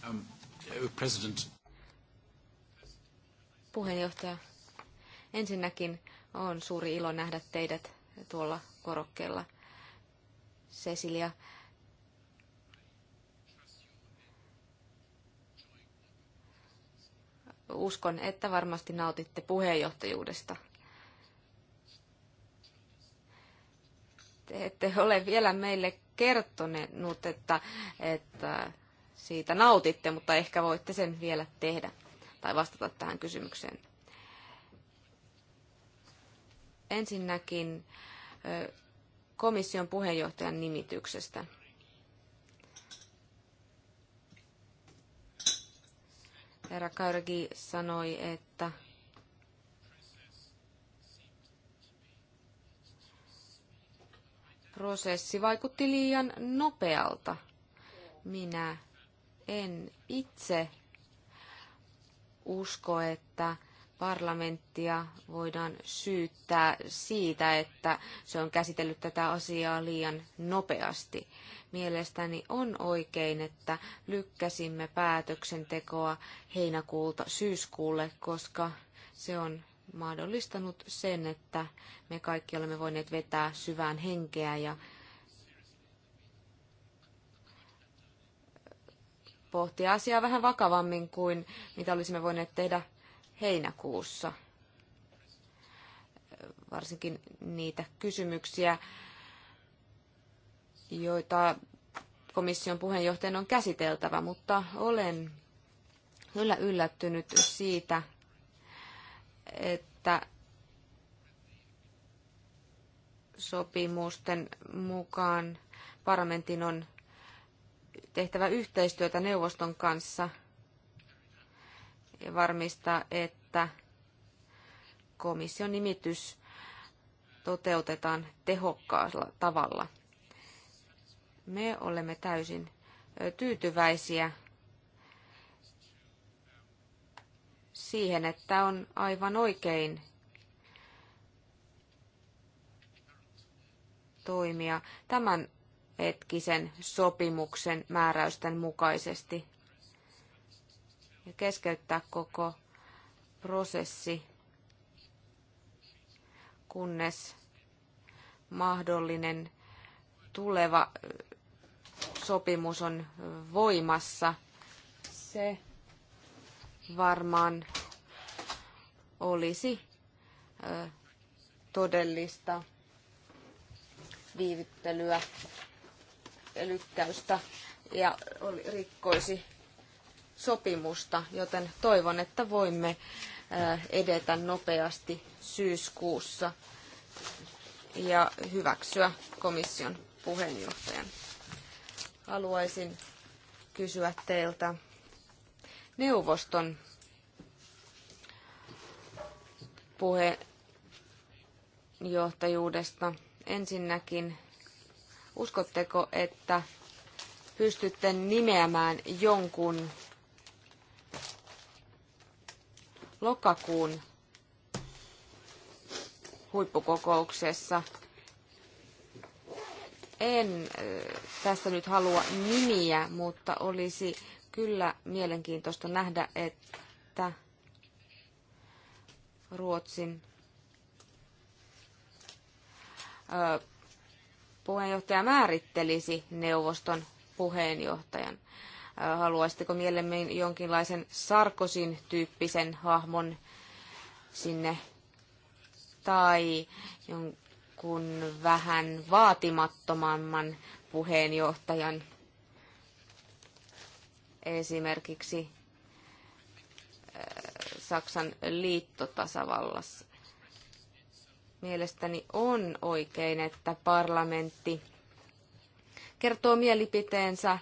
Um, president. Puheenjohtaja, ensinnäkin on suuri ilo nähdä teidät tuolla korokkeella. Cecilia, uskon, että varmasti nautitte puheenjohtajuudesta. Te ette ole vielä meille kertonut, että, että siitä nautitte, mutta ehkä voitte sen vielä tehdä tai vastata tähän kysymykseen. Ensinnäkin komission puheenjohtajan nimityksestä. Herra Kaurgi sanoi, että prosessi vaikutti liian nopealta. Minä en itse usko, että parlamenttia voidaan syyttää siitä, että se on käsitellyt tätä asiaa liian nopeasti. Mielestäni on oikein, että lykkäsimme päätöksentekoa heinäkuulta syyskuulle, koska se on mahdollistanut sen, että me kaikki olemme voineet vetää syvään henkeä ja pohtia asiaa vähän vakavammin kuin mitä olisimme voineet tehdä heinäkuussa. Varsinkin niitä kysymyksiä, joita komission puheenjohtajan on käsiteltävä, mutta olen kyllä yllättynyt siitä, että sopimusten mukaan parlamentin on tehtävä yhteistyötä neuvoston kanssa ja varmistaa, että komission nimitys toteutetaan tehokkaalla tavalla. Me olemme täysin tyytyväisiä siihen, että on aivan oikein toimia tämän hetkisen sopimuksen määräysten mukaisesti ja keskeyttää koko prosessi, kunnes mahdollinen tuleva sopimus on voimassa. Se varmaan olisi todellista viivyttelyä ja lykkäystä ja rikkoisi sopimusta, joten toivon, että voimme edetä nopeasti syyskuussa ja hyväksyä komission puheenjohtajan. Haluaisin kysyä teiltä neuvoston puheenjohtajuudesta. Ensinnäkin, uskotteko, että pystytte nimeämään jonkun lokakuun huippukokouksessa. En tässä nyt halua nimiä, mutta olisi kyllä mielenkiintoista nähdä, että Ruotsin puheenjohtaja määrittelisi neuvoston puheenjohtajan. Haluaisitteko mielemmin jonkinlaisen Sarkosin tyyppisen hahmon sinne tai jonkun vähän vaatimattomamman puheenjohtajan? esimerkiksi äh, Saksan liittotasavallassa. Mielestäni on oikein, että parlamentti kertoo mielipiteensä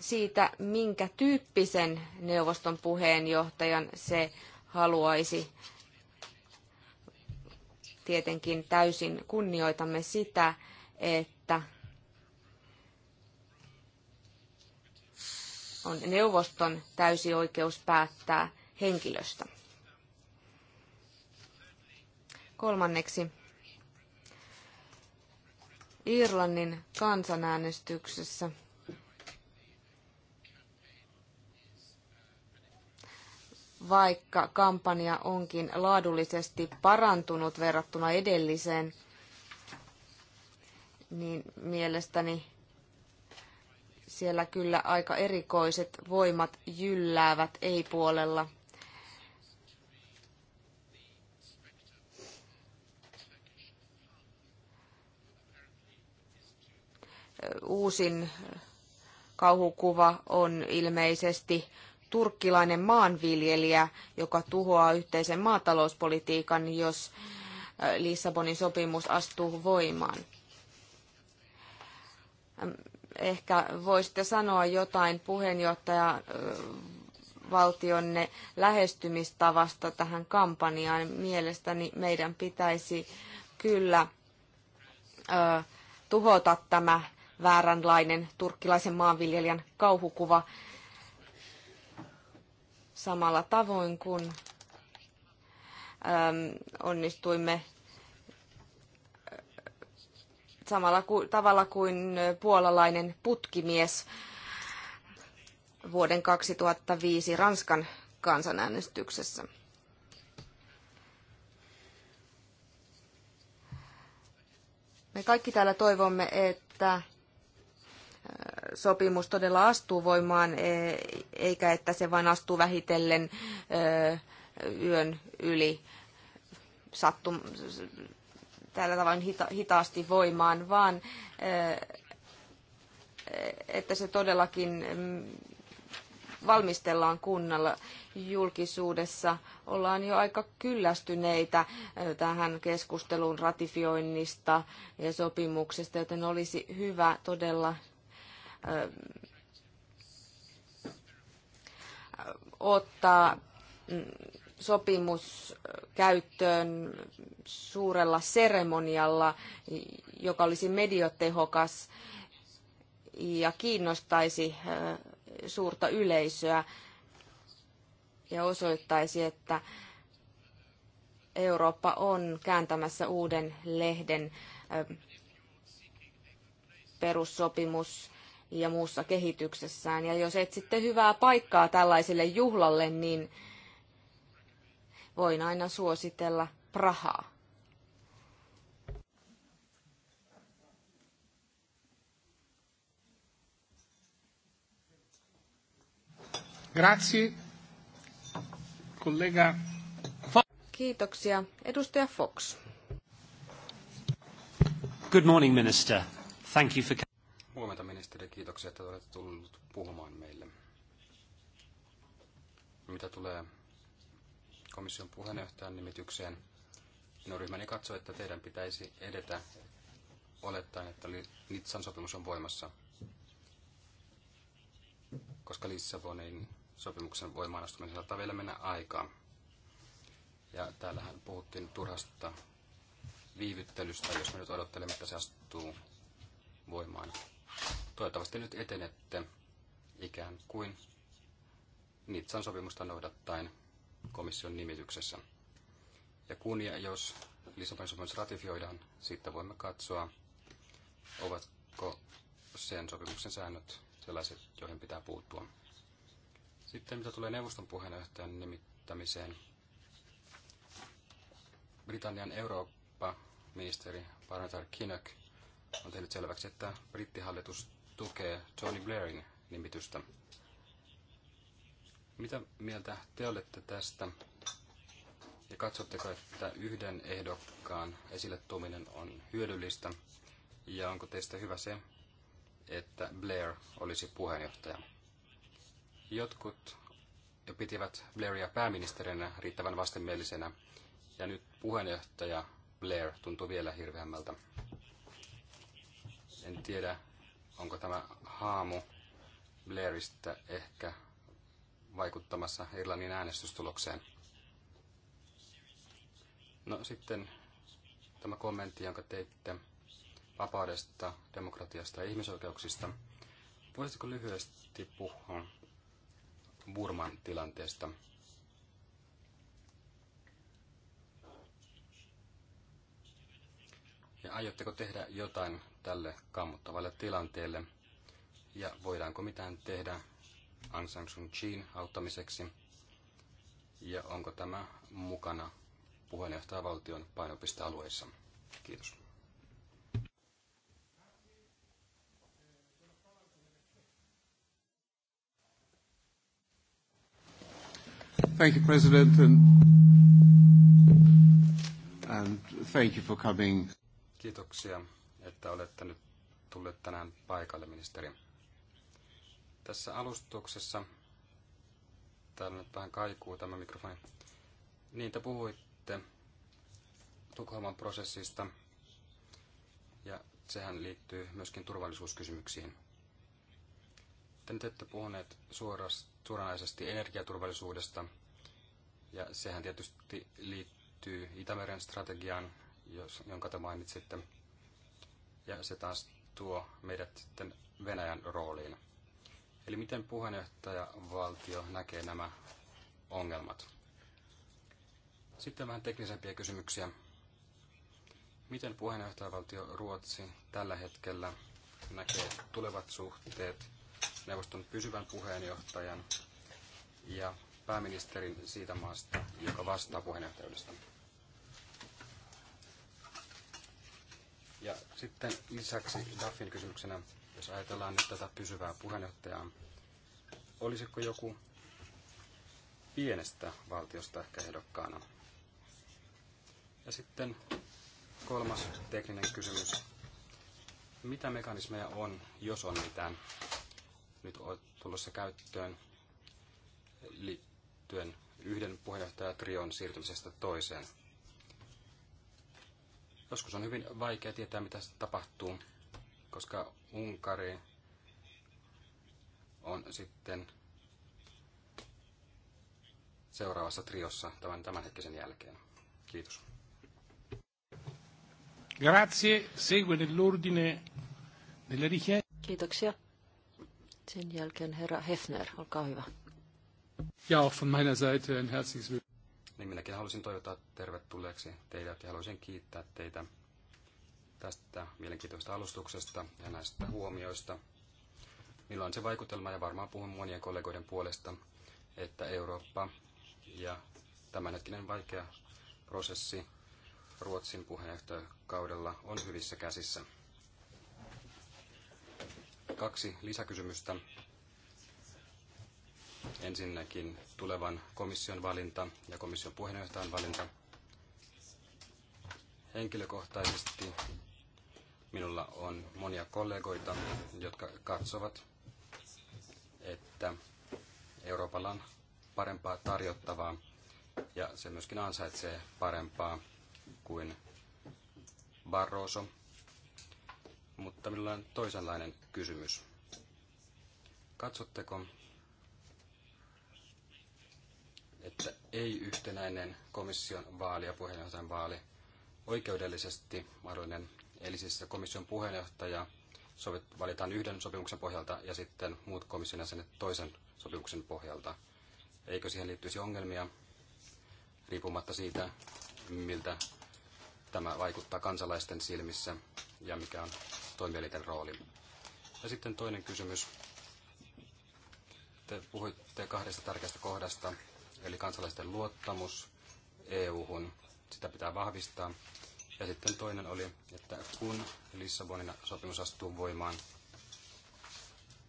siitä, minkä tyyppisen neuvoston puheenjohtajan se haluaisi. Tietenkin täysin kunnioitamme sitä, että on neuvoston täysi oikeus päättää henkilöstä. Kolmanneksi, Irlannin kansanäänestyksessä vaikka kampanja onkin laadullisesti parantunut verrattuna edelliseen, niin mielestäni siellä kyllä aika erikoiset voimat jylläävät ei-puolella. Uusin kauhukuva on ilmeisesti turkkilainen maanviljelijä, joka tuhoaa yhteisen maatalouspolitiikan, jos äh, Lissabonin sopimus astuu voimaan ehkä voisitte sanoa jotain puheenjohtaja valtionne lähestymistavasta tähän kampanjaan. Mielestäni meidän pitäisi kyllä ö, tuhota tämä vääränlainen turkkilaisen maanviljelijän kauhukuva samalla tavoin kuin ö, onnistuimme samalla ku, tavalla kuin puolalainen putkimies vuoden 2005 Ranskan kansanäänestyksessä. Me kaikki täällä toivomme, että äh, sopimus todella astuu voimaan, e, eikä että se vain astuu vähitellen yön yli sattum- tällä tavoin hita, hitaasti voimaan, vaan että se todellakin mm, valmistellaan kunnalla julkisuudessa. Ollaan jo aika kyllästyneitä tähän keskusteluun ratifioinnista ja sopimuksesta, joten olisi hyvä todella ottaa mm, sopimus käyttöön suurella seremonialla, joka olisi mediotehokas ja kiinnostaisi suurta yleisöä ja osoittaisi, että Eurooppa on kääntämässä uuden lehden perussopimus ja muussa kehityksessään. Ja jos etsitte hyvää paikkaa tällaiselle juhlalle, niin voin aina suositella Prahaa. Grazie. Kollega Fox. Kiitoksia. Edustaja Fox. Good morning, minister. Thank you for... Huomenta, ministeri. Kiitoksia, että olette tullut puhumaan meille. Mitä tulee komission puheenjohtajan nimitykseen. Minun ryhmäni katsoi, että teidän pitäisi edetä olettaen, että Nitsan sopimus on voimassa, koska Lissabonin sopimuksen voimaan astuminen saattaa vielä mennä aikaa. Ja täällähän puhuttiin turhasta viivyttelystä, jos me nyt odottelemme, että se astuu voimaan. Toivottavasti nyt etenette ikään kuin Nitsan sopimusta noudattaen komission nimityksessä. Ja kun ja jos Lissabonin sopimus ratifioidaan, sitten voimme katsoa, ovatko sen sopimuksen säännöt sellaiset, joihin pitää puuttua. Sitten mitä tulee neuvoston puheenjohtajan nimittämiseen, Britannian Eurooppa-ministeri Parnatar Kinnock on tehnyt selväksi, että brittihallitus tukee Tony Blairin nimitystä mitä mieltä te olette tästä? Ja katsotteko, että yhden ehdokkaan esille tuominen on hyödyllistä? Ja onko teistä hyvä se, että Blair olisi puheenjohtaja? Jotkut jo pitivät Blairia pääministerinä riittävän vastenmielisenä, ja nyt puheenjohtaja Blair tuntuu vielä hirveämmältä. En tiedä, onko tämä haamu Blairista ehkä vaikuttamassa Irlannin äänestystulokseen. No sitten tämä kommentti, jonka teitte vapaudesta, demokratiasta ja ihmisoikeuksista. Voisitko lyhyesti puhua Burman tilanteesta? Ja aiotteko tehdä jotain tälle kammottavalle tilanteelle? Ja voidaanko mitään tehdä, Aung San Suu Kyiin auttamiseksi? Ja onko tämä mukana puheenjohtajavaltion painopistealueissa? Kiitos. Thank you, President, and, and thank you for coming. Kiitoksia, että olette nyt tulleet tänään paikalle, ministeri. Tässä alustuksessa, täällä nyt vähän kaikuu tämä mikrofoni, niin te puhuitte Tukholman prosessista ja sehän liittyy myöskin turvallisuuskysymyksiin. Te nyt ette puhuneet suoras, suoranaisesti energiaturvallisuudesta ja sehän tietysti liittyy Itämeren strategiaan, jos, jonka te mainitsitte. Ja se taas tuo meidät sitten Venäjän rooliin. Eli miten puheenjohtajavaltio näkee nämä ongelmat? Sitten vähän teknisempiä kysymyksiä. Miten puheenjohtajavaltio Ruotsi tällä hetkellä näkee tulevat suhteet neuvoston pysyvän puheenjohtajan ja pääministerin siitä maasta, joka vastaa puheenjohtajuudesta? Ja sitten lisäksi Daffin kysymyksenä, jos ajatellaan nyt tätä pysyvää puheenjohtajaa, olisiko joku pienestä valtiosta ehkä ehdokkaana? Ja sitten kolmas tekninen kysymys. Mitä mekanismeja on, jos on mitään nyt on tulossa käyttöön liittyen yhden puheenjohtajatrion siirtymisestä toiseen? Joskus on hyvin vaikea tietää, mitä tapahtuu, koska Unkari on sitten seuraavassa triossa tämän tämänhetkisen jälkeen. Kiitos. Grazie. Segue nell'ordine delle richieste. Kiitoksia. Sen jälkeen herra Hefner, olkaa hyvä. Ja auch von meiner Seite ein herzliches Willkommen. Niin minäkin haluaisin toivottaa tervetulleeksi teidät ja haluaisin kiittää teitä tästä mielenkiintoista alustuksesta ja näistä huomioista. milloin on se vaikutelma, ja varmaan puhun monien kollegoiden puolesta, että Eurooppa ja tämänhetkinen vaikea prosessi Ruotsin puheenjohtajakaudella on hyvissä käsissä. Kaksi lisäkysymystä. Ensinnäkin tulevan komission valinta ja komission puheenjohtajan valinta. Henkilökohtaisesti Minulla on monia kollegoita, jotka katsovat, että Euroopalla on parempaa tarjottavaa ja se myöskin ansaitsee parempaa kuin Barroso. Mutta minulla on toisenlainen kysymys. Katsotteko, että ei yhtenäinen komission vaali ja puheenjohtajan vaali oikeudellisesti mahdollinen Eli siis komission puheenjohtaja sovit, valitaan yhden sopimuksen pohjalta ja sitten muut komission jäsenet toisen sopimuksen pohjalta. Eikö siihen liittyisi ongelmia, riippumatta siitä, miltä tämä vaikuttaa kansalaisten silmissä ja mikä on toimielinten rooli? Ja sitten toinen kysymys. Te puhuitte kahdesta tärkeästä kohdasta, eli kansalaisten luottamus EU-hun. Sitä pitää vahvistaa. Ja sitten toinen oli, että kun Lissabonin sopimus astuu voimaan,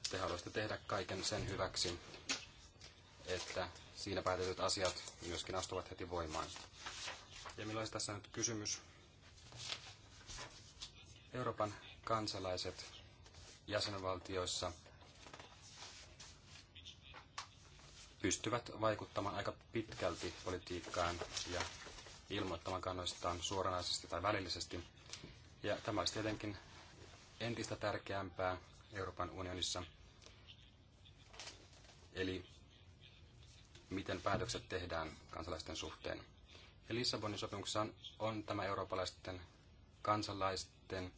te haluaisitte tehdä kaiken sen hyväksi, että siinä päätetyt asiat myöskin astuvat heti voimaan. Ja millaista tässä nyt kysymys? Euroopan kansalaiset jäsenvaltioissa pystyvät vaikuttamaan aika pitkälti politiikkaan ja ilmoittamaan kannoistaan suoranaisesti tai välillisesti. Ja tämä olisi tietenkin entistä tärkeämpää Euroopan unionissa. Eli miten päätökset tehdään kansalaisten suhteen. Ja Lissabonin sopimuksessa on, on tämä eurooppalaisten kansalaisten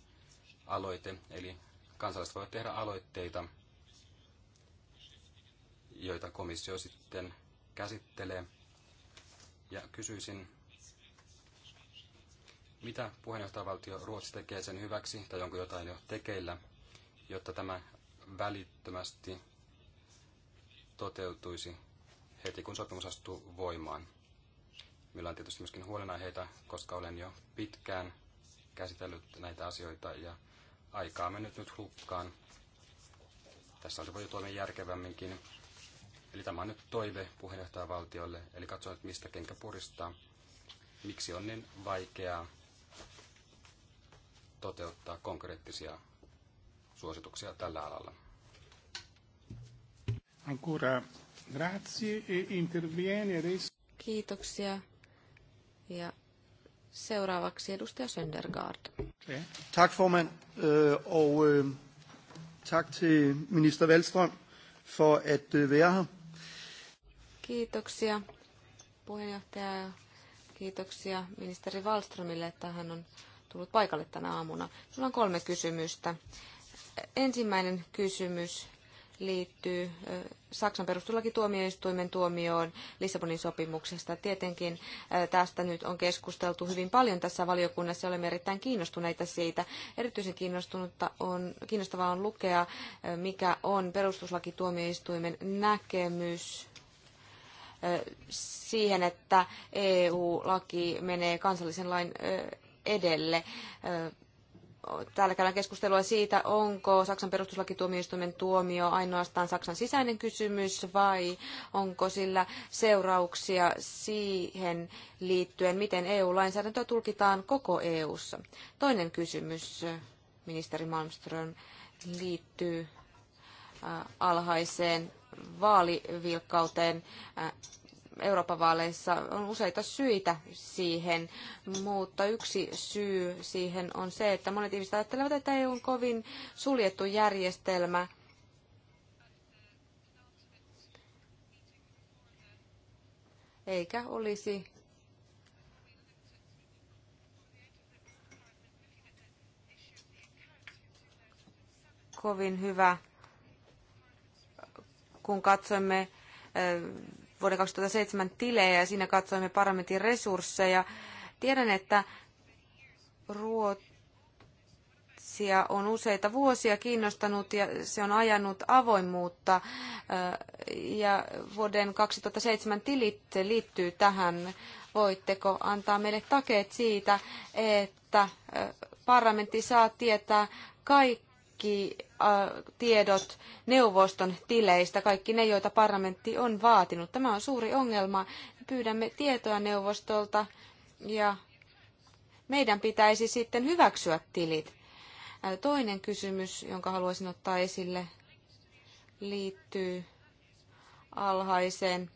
aloite, eli kansalaiset voivat tehdä aloitteita, joita komissio sitten käsittelee. Ja kysyisin mitä puheenjohtajavaltio Ruotsi tekee sen hyväksi, tai onko jotain jo tekeillä, jotta tämä välittömästi toteutuisi heti, kun sopimus astuu voimaan? Meillä on tietysti myöskin huolenaiheita, koska olen jo pitkään käsitellyt näitä asioita ja aikaa mennyt nyt hukkaan. Tässä olisi voitu toimia järkevämminkin. Eli tämä on nyt toive puheenjohtajavaltiolle, eli katsoa, että mistä kenkä puristaa. Miksi on niin vaikeaa toteuttaa konkreettisia suosituksia tällä alalla. Ancora grazie e interviene adesso. Kiitoksia. Ja seuraavaksi edustaja Söndergaard. Tack formand, øh, och øh, tack till minister Wallström för att øh, vara här. Kiitoksia puheenjohtaja ja kiitoksia ministeri Wallströmille, että hän on tullut paikalle tänä aamuna. Minulla on kolme kysymystä. Ensimmäinen kysymys liittyy Saksan perustuslakituomioistuimen tuomioon Lissabonin sopimuksesta. Tietenkin tästä nyt on keskusteltu hyvin paljon tässä valiokunnassa ja olemme erittäin kiinnostuneita siitä. Erityisen kiinnostunutta on, kiinnostavaa on lukea, mikä on perustuslakituomioistuimen näkemys siihen, että EU-laki menee kansallisen lain edelle. Täällä käydään keskustelua siitä, onko Saksan perustuslakituomioistuimen tuomio ainoastaan Saksan sisäinen kysymys vai onko sillä seurauksia siihen liittyen, miten EU-lainsäädäntöä tulkitaan koko EU:ssa. Toinen kysymys, ministeri Malmström, liittyy alhaiseen vaalivilkkauteen Euroopan vaaleissa on useita syitä siihen, mutta yksi syy siihen on se, että monet ihmiset ajattelevat, että EU on kovin suljettu järjestelmä. Eikä olisi kovin hyvä, kun katsomme vuoden 2007 tilejä ja siinä katsoimme parlamentin resursseja. Tiedän, että Ruotsia on useita vuosia kiinnostanut ja se on ajanut avoimuutta ja vuoden 2007 tilit liittyy tähän. Voitteko antaa meille takeet siitä, että parlamentti saa tietää kaikki tiedot neuvoston tileistä, kaikki ne, joita parlamentti on vaatinut. Tämä on suuri ongelma. Pyydämme tietoa neuvostolta ja meidän pitäisi sitten hyväksyä tilit. Toinen kysymys, jonka haluaisin ottaa esille, liittyy alhaiseen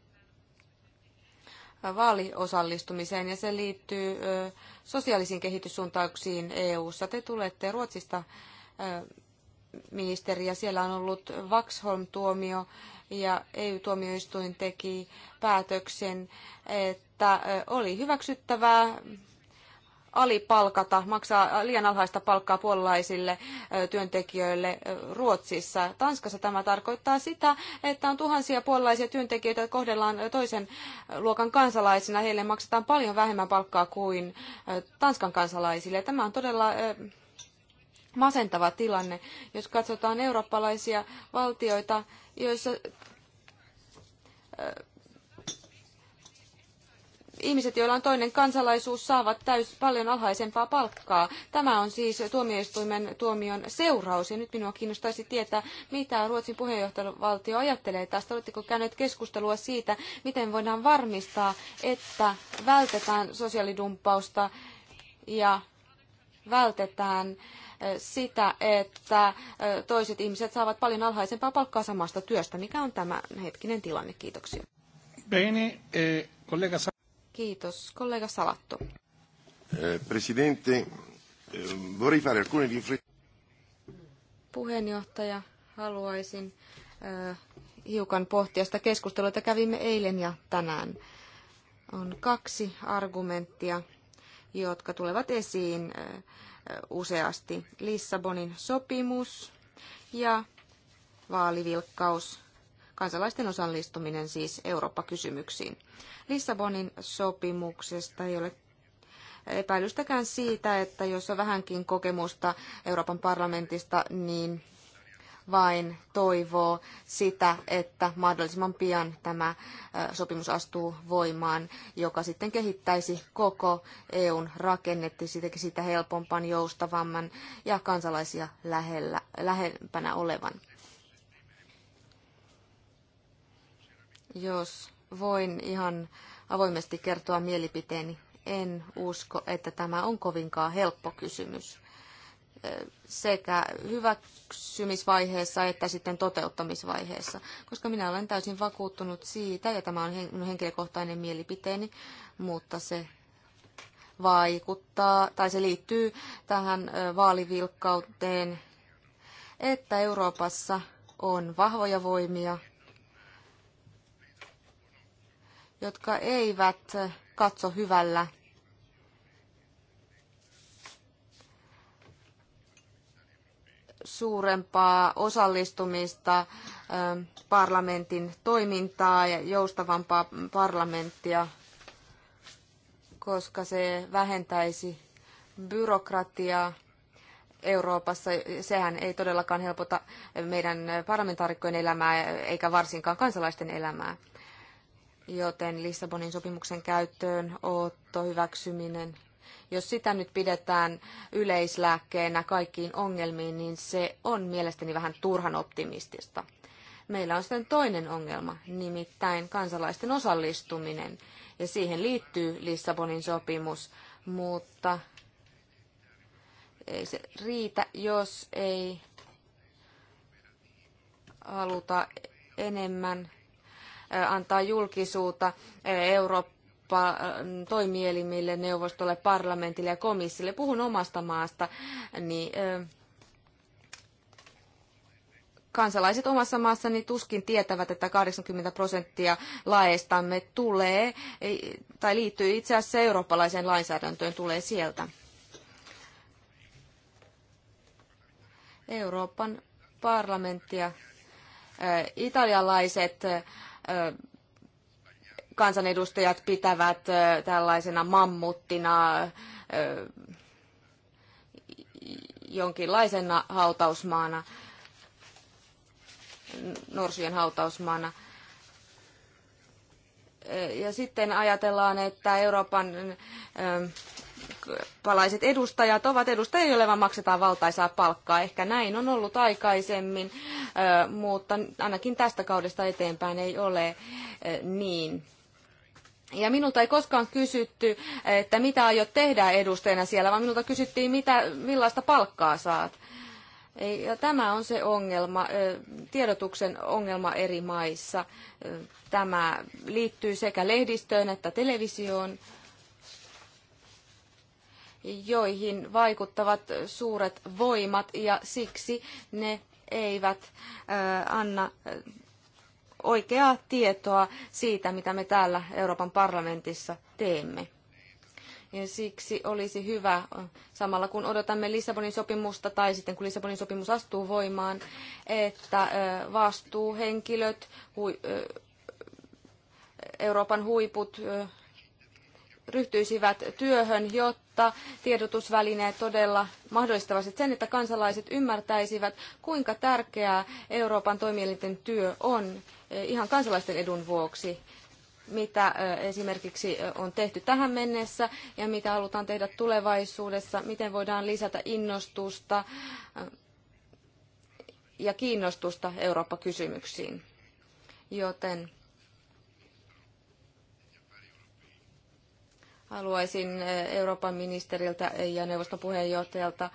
vaaliosallistumiseen ja se liittyy sosiaalisiin kehityssuuntauksiin EU-ssa. Te tulette Ruotsista ministeri ja siellä on ollut Vaxholm-tuomio ja EU-tuomioistuin teki päätöksen, että oli hyväksyttävää alipalkata, maksaa liian alhaista palkkaa puolalaisille työntekijöille Ruotsissa. Tanskassa tämä tarkoittaa sitä, että on tuhansia puolalaisia työntekijöitä, joita kohdellaan toisen luokan kansalaisina. Heille maksetaan paljon vähemmän palkkaa kuin Tanskan kansalaisille. Tämä on todella masentava tilanne, jos katsotaan eurooppalaisia valtioita, joissa ihmiset, joilla on toinen kansalaisuus, saavat täys, paljon alhaisempaa palkkaa. Tämä on siis tuomioistuimen tuomion seuraus. Ja nyt minua kiinnostaisi tietää, mitä Ruotsin puheenjohtajavaltio ajattelee tästä. Oletteko käyneet keskustelua siitä, miten voidaan varmistaa, että vältetään sosiaalidumppausta ja vältetään sitä, että toiset ihmiset saavat paljon alhaisempaa palkkaa samasta työstä. Mikä on tämä hetkinen tilanne? Kiitoksia. Bene, eh, Sal. Kiitos. Kollega Salatto. Eh, presidente, eh, Puheenjohtaja, haluaisin eh, hiukan pohtia sitä keskustelua, jota kävimme eilen ja tänään. On kaksi argumenttia, jotka tulevat esiin useasti. Lissabonin sopimus ja vaalivilkkaus, kansalaisten osallistuminen siis Eurooppa-kysymyksiin. Lissabonin sopimuksesta ei ole epäilystäkään siitä, että jos on vähänkin kokemusta Euroopan parlamentista, niin vain toivoo sitä, että mahdollisimman pian tämä sopimus astuu voimaan, joka sitten kehittäisi koko EUn rakennetta, sitä helpompan, joustavamman ja kansalaisia lähellä, lähempänä olevan. Jos voin ihan avoimesti kertoa mielipiteeni, en usko, että tämä on kovinkaan helppo kysymys sekä hyväksymisvaiheessa että sitten toteuttamisvaiheessa, koska minä olen täysin vakuuttunut siitä, ja tämä on minun henkilökohtainen mielipiteeni, mutta se vaikuttaa, tai se liittyy tähän vaalivilkkauteen, että Euroopassa on vahvoja voimia, jotka eivät katso hyvällä suurempaa osallistumista parlamentin toimintaa ja joustavampaa parlamenttia, koska se vähentäisi byrokratiaa Euroopassa. Sehän ei todellakaan helpota meidän parlamentaarikkojen elämää eikä varsinkaan kansalaisten elämää. Joten Lissabonin sopimuksen käyttöön, otto, hyväksyminen, jos sitä nyt pidetään yleislääkkeenä kaikkiin ongelmiin, niin se on mielestäni vähän turhan optimistista. Meillä on sitten toinen ongelma, nimittäin kansalaisten osallistuminen, ja siihen liittyy Lissabonin sopimus, mutta ei se riitä, jos ei haluta enemmän antaa julkisuutta Euroopan Äh, toimielimille, neuvostolle, parlamentille ja komissille. Puhun omasta maasta, niin äh, kansalaiset omassa maassani tuskin tietävät, että 80 prosenttia laeistamme tulee tai liittyy itse asiassa eurooppalaiseen lainsäädäntöön, tulee sieltä. Euroopan parlamenttia äh, italialaiset kansanedustajat pitävät tällaisena mammuttina jonkinlaisena hautausmaana, norsujen hautausmaana. Ja sitten ajatellaan, että Euroopan palaiset edustajat ovat edustajia, joille vaan maksetaan valtaisaa palkkaa. Ehkä näin on ollut aikaisemmin, mutta ainakin tästä kaudesta eteenpäin ei ole niin. Ja minulta ei koskaan kysytty, että mitä aiot tehdä edustajana siellä, vaan minulta kysyttiin, mitä, millaista palkkaa saat. Ja tämä on se ongelma, tiedotuksen ongelma eri maissa. Tämä liittyy sekä lehdistöön että televisioon, joihin vaikuttavat suuret voimat ja siksi ne eivät anna oikeaa tietoa siitä, mitä me täällä Euroopan parlamentissa teemme. Ja siksi olisi hyvä, samalla kun odotamme Lissabonin sopimusta tai sitten kun Lissabonin sopimus astuu voimaan, että vastuuhenkilöt, Euroopan huiput ryhtyisivät työhön, jotta tiedotusvälineet todella mahdollistavat sen, että kansalaiset ymmärtäisivät, kuinka tärkeää Euroopan toimielinten työ on ihan kansalaisten edun vuoksi, mitä esimerkiksi on tehty tähän mennessä ja mitä halutaan tehdä tulevaisuudessa, miten voidaan lisätä innostusta ja kiinnostusta Eurooppa-kysymyksiin. Joten haluaisin Euroopan ministeriltä ja neuvoston puheenjohtajalta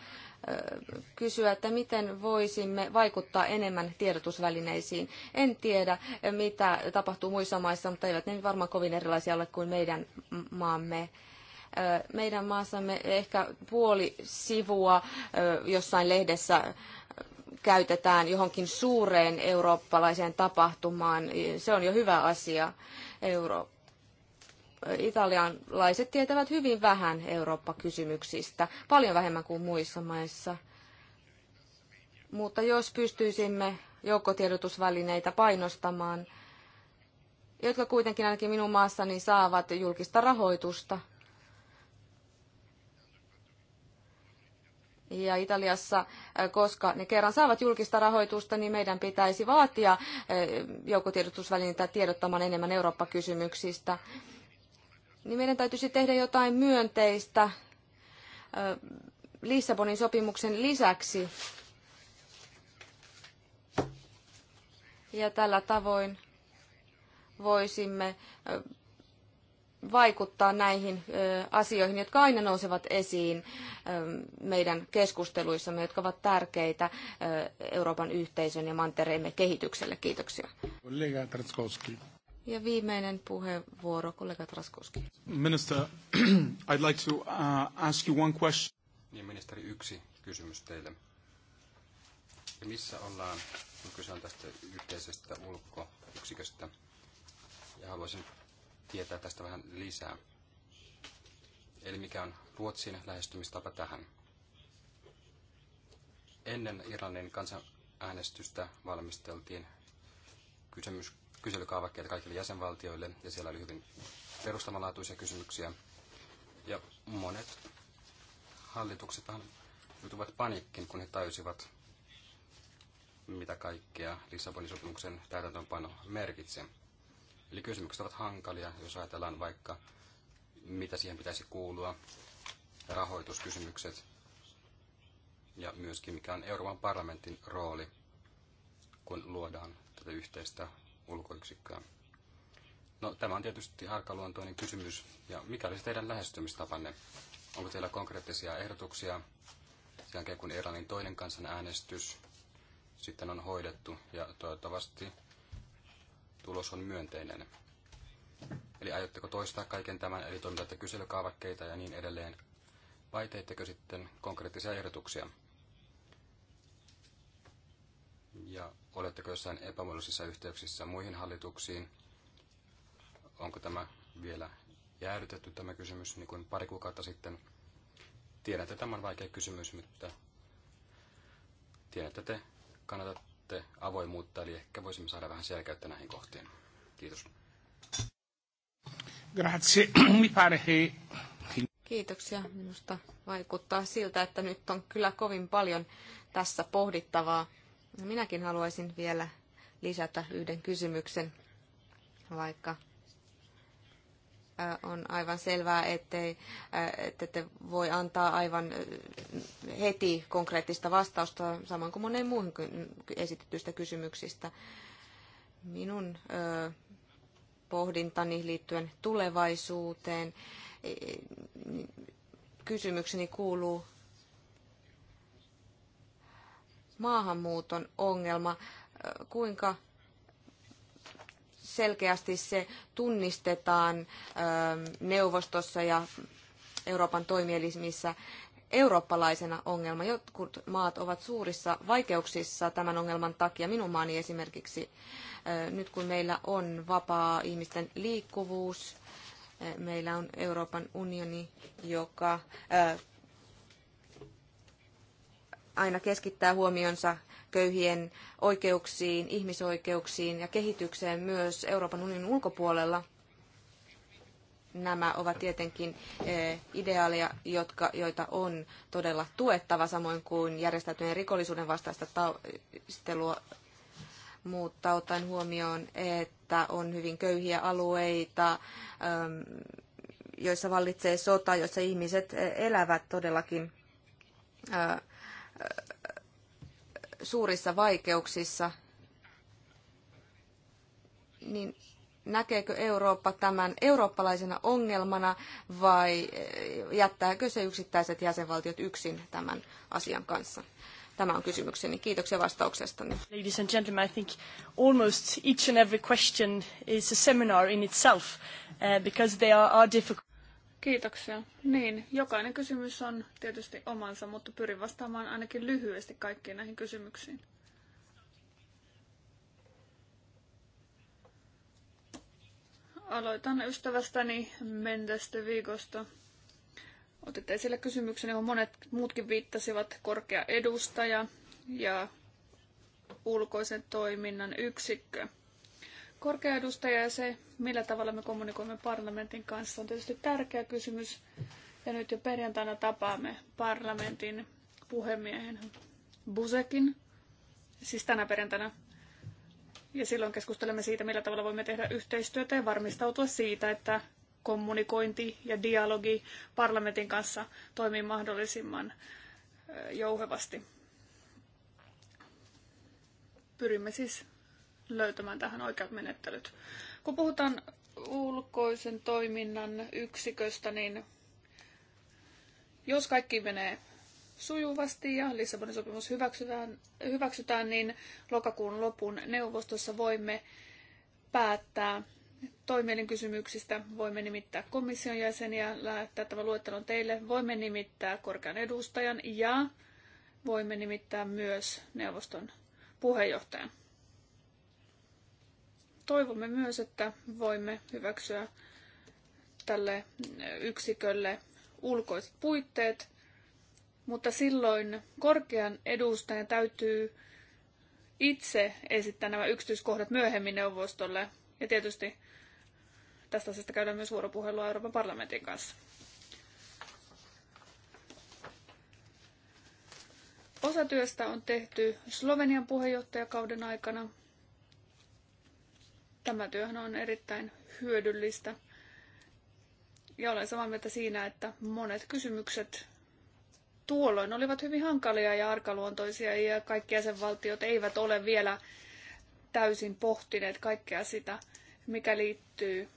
kysyä, että miten voisimme vaikuttaa enemmän tiedotusvälineisiin. En tiedä, mitä tapahtuu muissa maissa, mutta eivät ne varmaan kovin erilaisia ole kuin meidän maamme meidän maassamme ehkä puoli sivua jossain lehdessä käytetään johonkin suureen eurooppalaiseen tapahtumaan. Se on jo hyvä asia. Euro- italialaiset tietävät hyvin vähän Eurooppa-kysymyksistä, paljon vähemmän kuin muissa maissa. Mutta jos pystyisimme joukkotiedotusvälineitä painostamaan, jotka kuitenkin ainakin minun maassani saavat julkista rahoitusta. Ja Italiassa, koska ne kerran saavat julkista rahoitusta, niin meidän pitäisi vaatia joukkotiedotusvälineitä tiedottamaan enemmän Eurooppa-kysymyksistä niin meidän täytyisi tehdä jotain myönteistä Lissabonin sopimuksen lisäksi. Ja tällä tavoin voisimme vaikuttaa näihin asioihin, jotka aina nousevat esiin meidän keskusteluissamme, jotka ovat tärkeitä Euroopan yhteisön ja mantereemme kehitykselle. Kiitoksia. Kollega Tartskowski. Ja viimeinen puheenvuoro, kollega Traskoski. Minister, I'd like to uh, ask you one question. Niin, ministeri, yksi kysymys teille. Ja missä ollaan, kun kyse on tästä yhteisestä ulkoyksiköstä, ja haluaisin tietää tästä vähän lisää. Eli mikä on Ruotsin lähestymistapa tähän? Ennen Irlannin kansanäänestystä valmisteltiin kysymys kyselykaavakkeita kaikille jäsenvaltioille, ja siellä oli hyvin perustamalaatuisia kysymyksiä. Ja monet hallitukset vähän joutuvat paniikkiin, kun he tajusivat, mitä kaikkea Lissabonin sopimuksen täytäntöönpano merkitsee. Eli kysymykset ovat hankalia, jos ajatellaan vaikka, mitä siihen pitäisi kuulua, rahoituskysymykset ja myöskin mikä on Euroopan parlamentin rooli, kun luodaan tätä yhteistä ulkoyksikköä. No, tämä on tietysti arkaluontoinen kysymys. Ja mikä olisi teidän lähestymistapanne? Onko teillä konkreettisia ehdotuksia sen jälkeen, kun Irlannin toinen kansanäänestys sitten on hoidettu ja toivottavasti tulos on myönteinen? Eli aiotteko toistaa kaiken tämän, eli toimitatte kyselykaavakkeita ja niin edelleen, vai teittekö sitten konkreettisia ehdotuksia? Ja Oletteko jossain epämuodollisissa yhteyksissä muihin hallituksiin? Onko tämä vielä jäädytetty tämä kysymys, niin kuin pari kuukautta sitten? Tiedän, että tämä on vaikea kysymys, mutta tiedän, että te kannatatte avoimuutta, eli ehkä voisimme saada vähän selkeyttä näihin kohtiin. Kiitos. Grazie. Mi pare che... Kiitoksia. Minusta vaikuttaa siltä, että nyt on kyllä kovin paljon tässä pohdittavaa. Minäkin haluaisin vielä lisätä yhden kysymyksen, vaikka äh, on aivan selvää, ettei, äh, että te voi antaa aivan äh, heti konkreettista vastausta saman kuin moneen muuhun esitetyistä kysymyksistä. Minun pohdintani liittyen tulevaisuuteen e, e, kysymykseni kuuluu, maahanmuuton ongelma, kuinka selkeästi se tunnistetaan neuvostossa ja Euroopan toimielimissä eurooppalaisena ongelma. Jotkut maat ovat suurissa vaikeuksissa tämän ongelman takia. Minun maani esimerkiksi nyt kun meillä on vapaa ihmisten liikkuvuus, meillä on Euroopan unioni, joka aina keskittää huomionsa köyhien oikeuksiin, ihmisoikeuksiin ja kehitykseen myös Euroopan unionin ulkopuolella. Nämä ovat tietenkin eh, ideaaleja, jotka, joita on todella tuettava, samoin kuin järjestäytyneen rikollisuuden vastaista taistelua, mutta ottaen huomioon, että on hyvin köyhiä alueita, ehm, joissa vallitsee sota, joissa ihmiset eh, elävät todellakin eh, suurissa vaikeuksissa, niin näkeekö Eurooppa tämän eurooppalaisena ongelmana vai jättääkö se yksittäiset jäsenvaltiot yksin tämän asian kanssa? Tämä on kysymykseni. Kiitoksia vastauksestanne. Ladies and gentlemen, I think almost each and every question is a seminar in itself uh, because they are, difficult. Kiitoksia. Niin, jokainen kysymys on tietysti omansa, mutta pyrin vastaamaan ainakin lyhyesti kaikkiin näihin kysymyksiin. Aloitan ystävästäni Mendestä viikosta. Otitte esille kysymyksen, johon monet muutkin viittasivat korkea edustaja ja ulkoisen toiminnan yksikkö korkea edustaja ja se, millä tavalla me kommunikoimme parlamentin kanssa, on tietysti tärkeä kysymys. Ja nyt jo perjantaina tapaamme parlamentin puhemiehen Busekin, siis tänä perjantaina. Ja silloin keskustelemme siitä, millä tavalla voimme tehdä yhteistyötä ja varmistautua siitä, että kommunikointi ja dialogi parlamentin kanssa toimii mahdollisimman jouhevasti. Pyrimme siis löytämään tähän oikeat menettelyt. Kun puhutaan ulkoisen toiminnan yksiköstä, niin jos kaikki menee sujuvasti ja Lissabonin sopimus hyväksytään, hyväksytään, niin lokakuun lopun neuvostossa voimme päättää toimielin kysymyksistä. Voimme nimittää komission jäseniä, lähettää tämä luettelon teille. Voimme nimittää korkean edustajan ja voimme nimittää myös neuvoston puheenjohtajan. Toivomme myös, että voimme hyväksyä tälle yksikölle ulkoiset puitteet, mutta silloin korkean edustajan täytyy itse esittää nämä yksityiskohdat myöhemmin neuvostolle. Ja tietysti tästä asiasta käydään myös vuoropuhelua Euroopan parlamentin kanssa. Osa työstä on tehty Slovenian puheenjohtajakauden aikana. Tämä työhän on erittäin hyödyllistä. Ja olen samaa mieltä siinä, että monet kysymykset tuolloin olivat hyvin hankalia ja arkaluontoisia ja kaikki jäsenvaltiot eivät ole vielä täysin pohtineet kaikkea sitä, mikä liittyy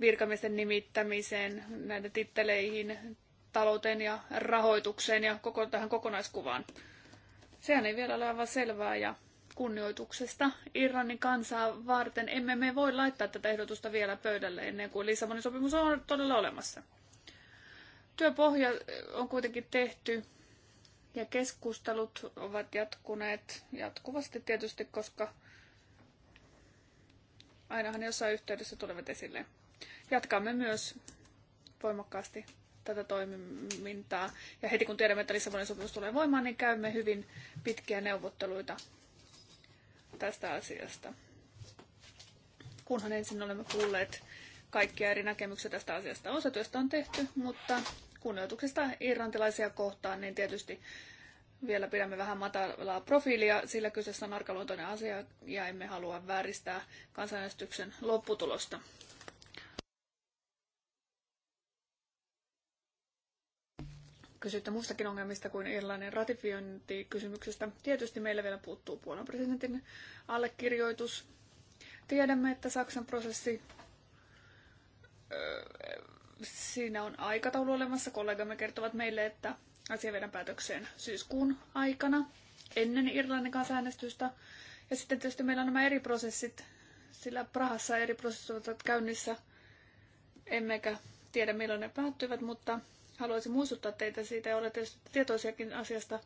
virkamiesten nimittämiseen, näiden titteleihin, talouteen ja rahoitukseen ja koko tähän kokonaiskuvaan. Sehän ei vielä ole aivan selvää ja kunnioituksesta Irlannin kansaa varten. Emme me voi laittaa tätä ehdotusta vielä pöydälle ennen kuin Lissabonin sopimus on todella olemassa. Työpohja eh, on kuitenkin tehty ja keskustelut ovat jatkuneet jatkuvasti tietysti, koska ainahan jossain yhteydessä tulevat esille. Jatkamme myös voimakkaasti tätä toimintaa. Ja heti kun tiedämme, että Lissabonin sopimus tulee voimaan, niin käymme hyvin pitkiä neuvotteluita tästä asiasta. Kunhan ensin olemme kuulleet kaikkia eri näkemyksiä tästä asiasta. Osa työstä on tehty, mutta kunnioituksesta irlantilaisia kohtaan, niin tietysti vielä pidämme vähän matalaa profiilia, sillä kyseessä on arkaluontoinen asia ja emme halua vääristää kansanäänestyksen lopputulosta. Kysytte muistakin ongelmista kuin Irlannin ratifiointikysymyksestä. Tietysti meillä vielä puuttuu puolen presidentin allekirjoitus. Tiedämme, että Saksan prosessi siinä on aikataulu olemassa. Kollegamme kertovat meille, että asia viedään päätökseen syyskuun aikana ennen Irlannin kansanäänestystä. Ja sitten tietysti meillä on nämä eri prosessit, sillä Prahassa eri prosessit ovat käynnissä. Emmekä tiedä milloin ne päättyvät, mutta Haluaisin muistuttaa teitä siitä, ja olette tietoisiakin asiasta.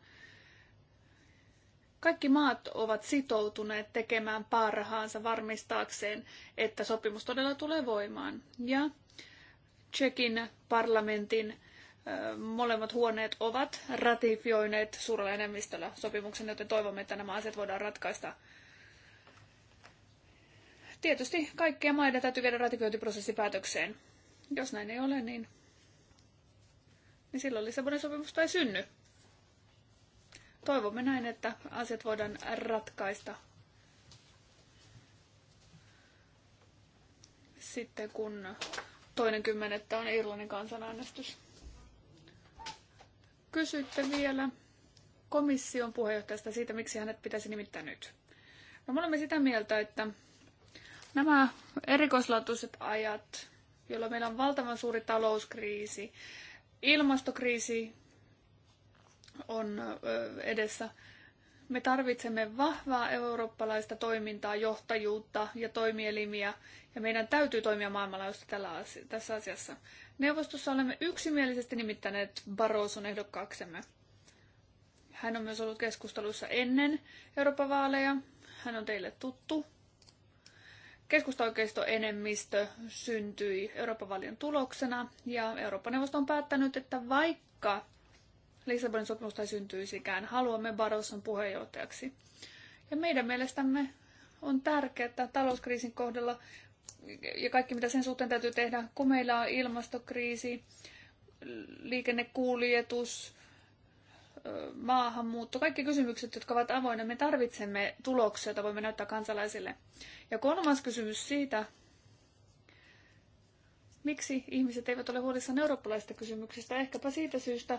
Kaikki maat ovat sitoutuneet tekemään parhaansa varmistaakseen, että sopimus todella tulee voimaan. Ja Tsekin parlamentin molemmat huoneet ovat ratifioineet suurella enemmistöllä sopimuksen, joten toivomme, että nämä asiat voidaan ratkaista. Tietysti kaikkia maiden täytyy viedä ratifiointiprosessi päätökseen. Jos näin ei ole, niin niin silloin Lissabonin sopimusta ei synny. Toivomme näin, että asiat voidaan ratkaista sitten, kun toinen kymmenettä on Irlannin kansanäänestys. Kysyitte vielä komission puheenjohtajasta siitä, miksi hänet pitäisi nimittää nyt. No, me olemme sitä mieltä, että nämä erikoislaatuiset ajat, jolloin meillä on valtavan suuri talouskriisi, ilmastokriisi on edessä. Me tarvitsemme vahvaa eurooppalaista toimintaa, johtajuutta ja toimielimiä, ja meidän täytyy toimia maailmanlaajuisesti tässä asiassa. Neuvostossa olemme yksimielisesti nimittäneet Barroson ehdokkaaksemme. Hän on myös ollut keskusteluissa ennen Euroopan vaaleja. Hän on teille tuttu keskustaoikeistoenemmistö syntyi Euroopan valion tuloksena ja Euroopan neuvosto on päättänyt, että vaikka Lissabonin sopimusta ei syntyisikään, haluamme Barroson puheenjohtajaksi. Ja meidän mielestämme on tärkeää, että talouskriisin kohdalla ja kaikki mitä sen suhteen täytyy tehdä, kun meillä on ilmastokriisi, liikennekuljetus, maahanmuutto, kaikki kysymykset, jotka ovat avoinna. Me tarvitsemme tuloksia, joita voimme näyttää kansalaisille. Ja kolmas kysymys siitä, miksi ihmiset eivät ole huolissaan eurooppalaisista kysymyksistä. Ehkäpä siitä syystä,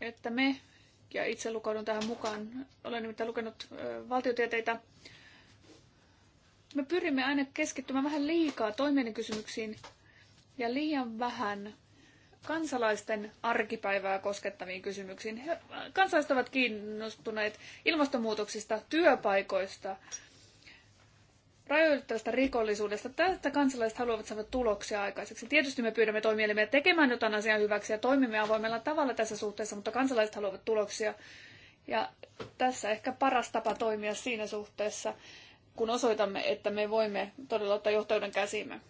että me, ja itse lukaudun tähän mukaan, olen nimittäin lukenut valtiotieteitä, me pyrimme aina keskittymään vähän liikaa toimien kysymyksiin ja liian vähän kansalaisten arkipäivää koskettaviin kysymyksiin. He, kansalaiset ovat kiinnostuneet ilmastonmuutoksista, työpaikoista, rajoittavasta rikollisuudesta. Tästä kansalaiset haluavat saada tuloksia aikaiseksi. Tietysti me pyydämme toimielimiä tekemään jotain asian hyväksi ja toimimme avoimella tavalla tässä suhteessa, mutta kansalaiset haluavat tuloksia. Ja tässä ehkä paras tapa toimia siinä suhteessa, kun osoitamme, että me voimme todella ottaa johtajuuden käsimme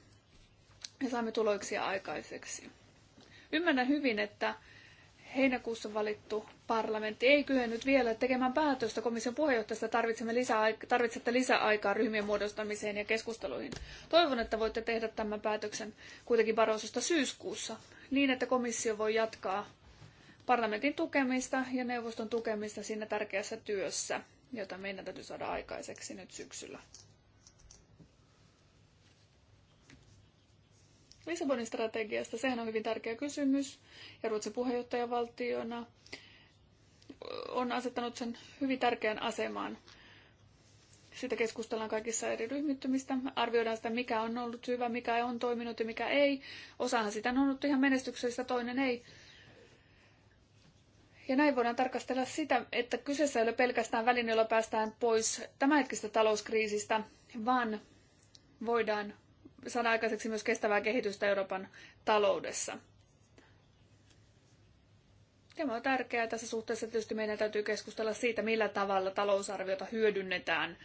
ja saamme tuloksia aikaiseksi. Ymmärrän hyvin, että heinäkuussa valittu parlamentti ei kyennyt vielä tekemään päätöstä komission puheenjohtajasta. Tarvitsemme lisää, tarvitsette lisäaikaa ryhmien muodostamiseen ja keskusteluihin. Toivon, että voitte tehdä tämän päätöksen kuitenkin Barrososta syyskuussa, niin että komissio voi jatkaa parlamentin tukemista ja neuvoston tukemista siinä tärkeässä työssä, jota meidän täytyy saada aikaiseksi nyt syksyllä. Lissabonin strategiasta, sehän on hyvin tärkeä kysymys, ja Ruotsin puheenjohtajavaltiona on asettanut sen hyvin tärkeän asemaan. Sitä keskustellaan kaikissa eri ryhmittymistä, arvioidaan sitä, mikä on ollut hyvä, mikä on toiminut ja mikä ei. Osahan sitä on ollut ihan menestyksellistä, toinen ei. Ja näin voidaan tarkastella sitä, että kyseessä ei ole pelkästään väline, jolla päästään pois tämänhetkistä talouskriisistä, vaan voidaan saada aikaiseksi myös kestävää kehitystä Euroopan taloudessa. Tämä on tärkeää. Tässä suhteessa tietysti meidän täytyy keskustella siitä, millä tavalla talousarviota hyödynnetään.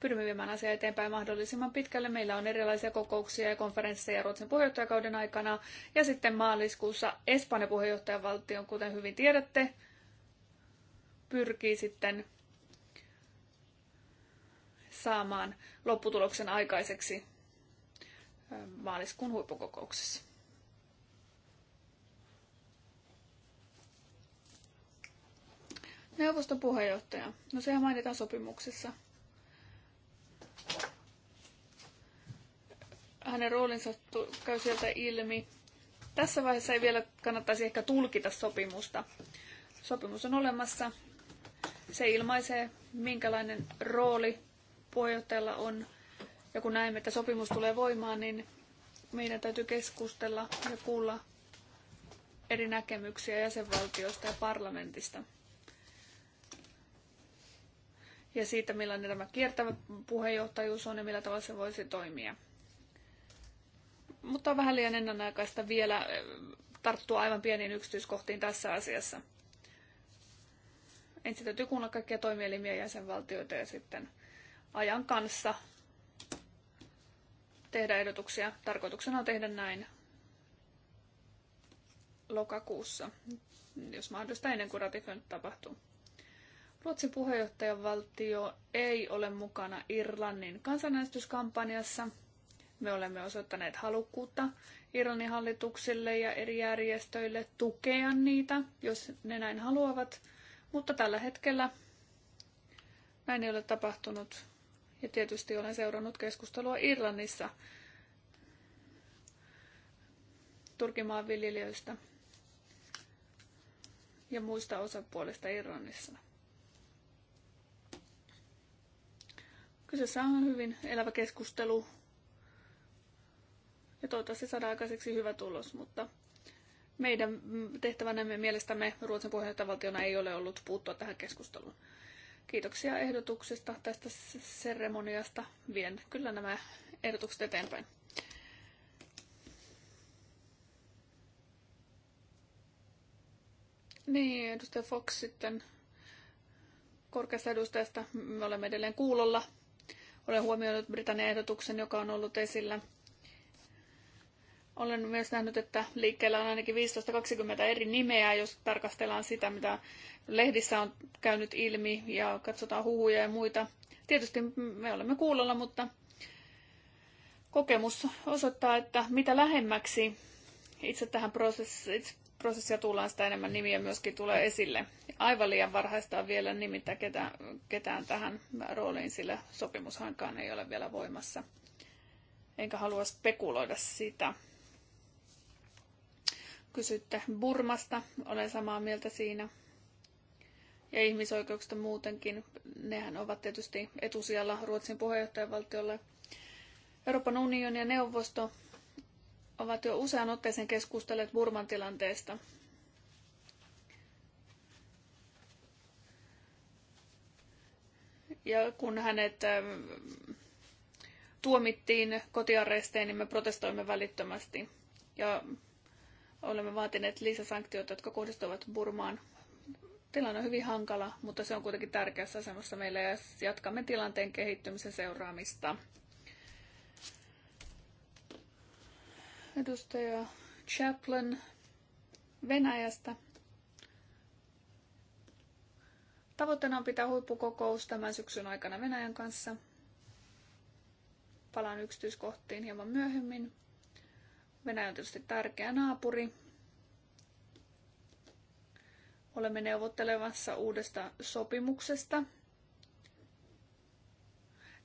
Pyrimme viemään asiaa eteenpäin mahdollisimman pitkälle. Meillä on erilaisia kokouksia ja konferensseja Ruotsin puheenjohtajakauden aikana. Ja sitten maaliskuussa Espanjan puheenjohtajavaltion, kuten hyvin tiedätte, pyrkii sitten saamaan lopputuloksen aikaiseksi maaliskuun huippukokouksessa. Neuvoston puheenjohtaja. No sehän mainitaan sopimuksessa. Hänen roolinsa käy sieltä ilmi. Tässä vaiheessa ei vielä kannattaisi ehkä tulkita sopimusta. Sopimus on olemassa. Se ilmaisee, minkälainen rooli puheenjohtajalla on, ja kun näemme, että sopimus tulee voimaan, niin meidän täytyy keskustella ja kuulla eri näkemyksiä jäsenvaltioista ja parlamentista. Ja siitä, millainen tämä kiertävä puheenjohtajuus on ja millä tavalla se voisi toimia. Mutta on vähän liian ennenaikaista vielä eh, tarttua aivan pieniin yksityiskohtiin tässä asiassa. Ensin täytyy kuunnella kaikkia toimielimiä jäsenvaltioita ja sitten ajan kanssa tehdä ehdotuksia. Tarkoituksena on tehdä näin lokakuussa, jos mahdollista ennen kuin ratifiointi tapahtuu. Ruotsin puheenjohtajavaltio ei ole mukana Irlannin kansanäänestyskampanjassa. Me olemme osoittaneet halukkuutta Irlannin hallituksille ja eri järjestöille tukea niitä, jos ne näin haluavat. Mutta tällä hetkellä näin ei ole tapahtunut. Ja tietysti olen seurannut keskustelua Irlannissa Turkimaan viljelijöistä ja muista osapuolista Irlannissa. Kyseessä on hyvin elävä keskustelu ja toivottavasti saadaan aikaiseksi hyvä tulos, mutta meidän tehtävänämme mielestämme Ruotsin puheenjohtajavaltiona ei ole ollut puuttua tähän keskusteluun. Kiitoksia ehdotuksista tästä seremoniasta. Vien kyllä nämä ehdotukset eteenpäin. Niin, edustaja Fox sitten korkeasta edustajasta. Me olemme edelleen kuulolla. Olen huomioinut Britannian ehdotuksen, joka on ollut esillä olen myös nähnyt, että liikkeellä on ainakin 15-20 eri nimeä, jos tarkastellaan sitä, mitä lehdissä on käynyt ilmi ja katsotaan huhuja ja muita. Tietysti me olemme kuulolla, mutta kokemus osoittaa, että mitä lähemmäksi itse tähän prosessi, itse prosessia tullaan, sitä enemmän nimiä myöskin tulee esille. Aivan liian varhaista on vielä nimittä ketään, ketään tähän rooliin, sillä sopimushankaan ei ole vielä voimassa. Enkä halua spekuloida sitä. Kysytte Burmasta, olen samaa mieltä siinä. Ja ihmisoikeuksista muutenkin, nehän ovat tietysti etusijalla Ruotsin puheenjohtajavaltiolle. Euroopan unioni ja neuvosto ovat jo usean otteeseen keskustelleet Burman tilanteesta. Ja kun hänet ähm, tuomittiin kotiarresteen, niin me protestoimme välittömästi. Ja Olemme vaatineet lisäsanktioita, jotka kohdistuvat Burmaan. Tilanne on hyvin hankala, mutta se on kuitenkin tärkeässä asemassa meillä ja jatkamme tilanteen kehittymisen seuraamista. Edustaja Chaplin Venäjästä. Tavoitteena on pitää huippukokous tämän syksyn aikana Venäjän kanssa. Palaan yksityiskohtiin hieman myöhemmin. Venäjä on tietysti tärkeä naapuri. Olemme neuvottelemassa uudesta sopimuksesta.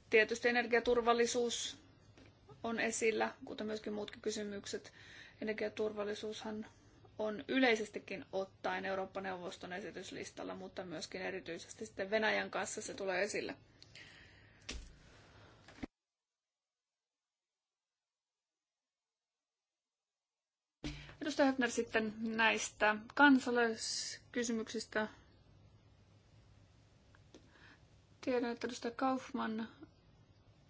Tietysti energiaturvallisuus on esillä, kuten myöskin muutkin kysymykset. Energiaturvallisuushan on yleisestikin ottaen Eurooppa-neuvoston esityslistalla, mutta myöskin erityisesti sitten Venäjän kanssa se tulee esille. Edustaja Höfner sitten näistä kansalaiskysymyksistä. Tiedän, että edustaja Kaufman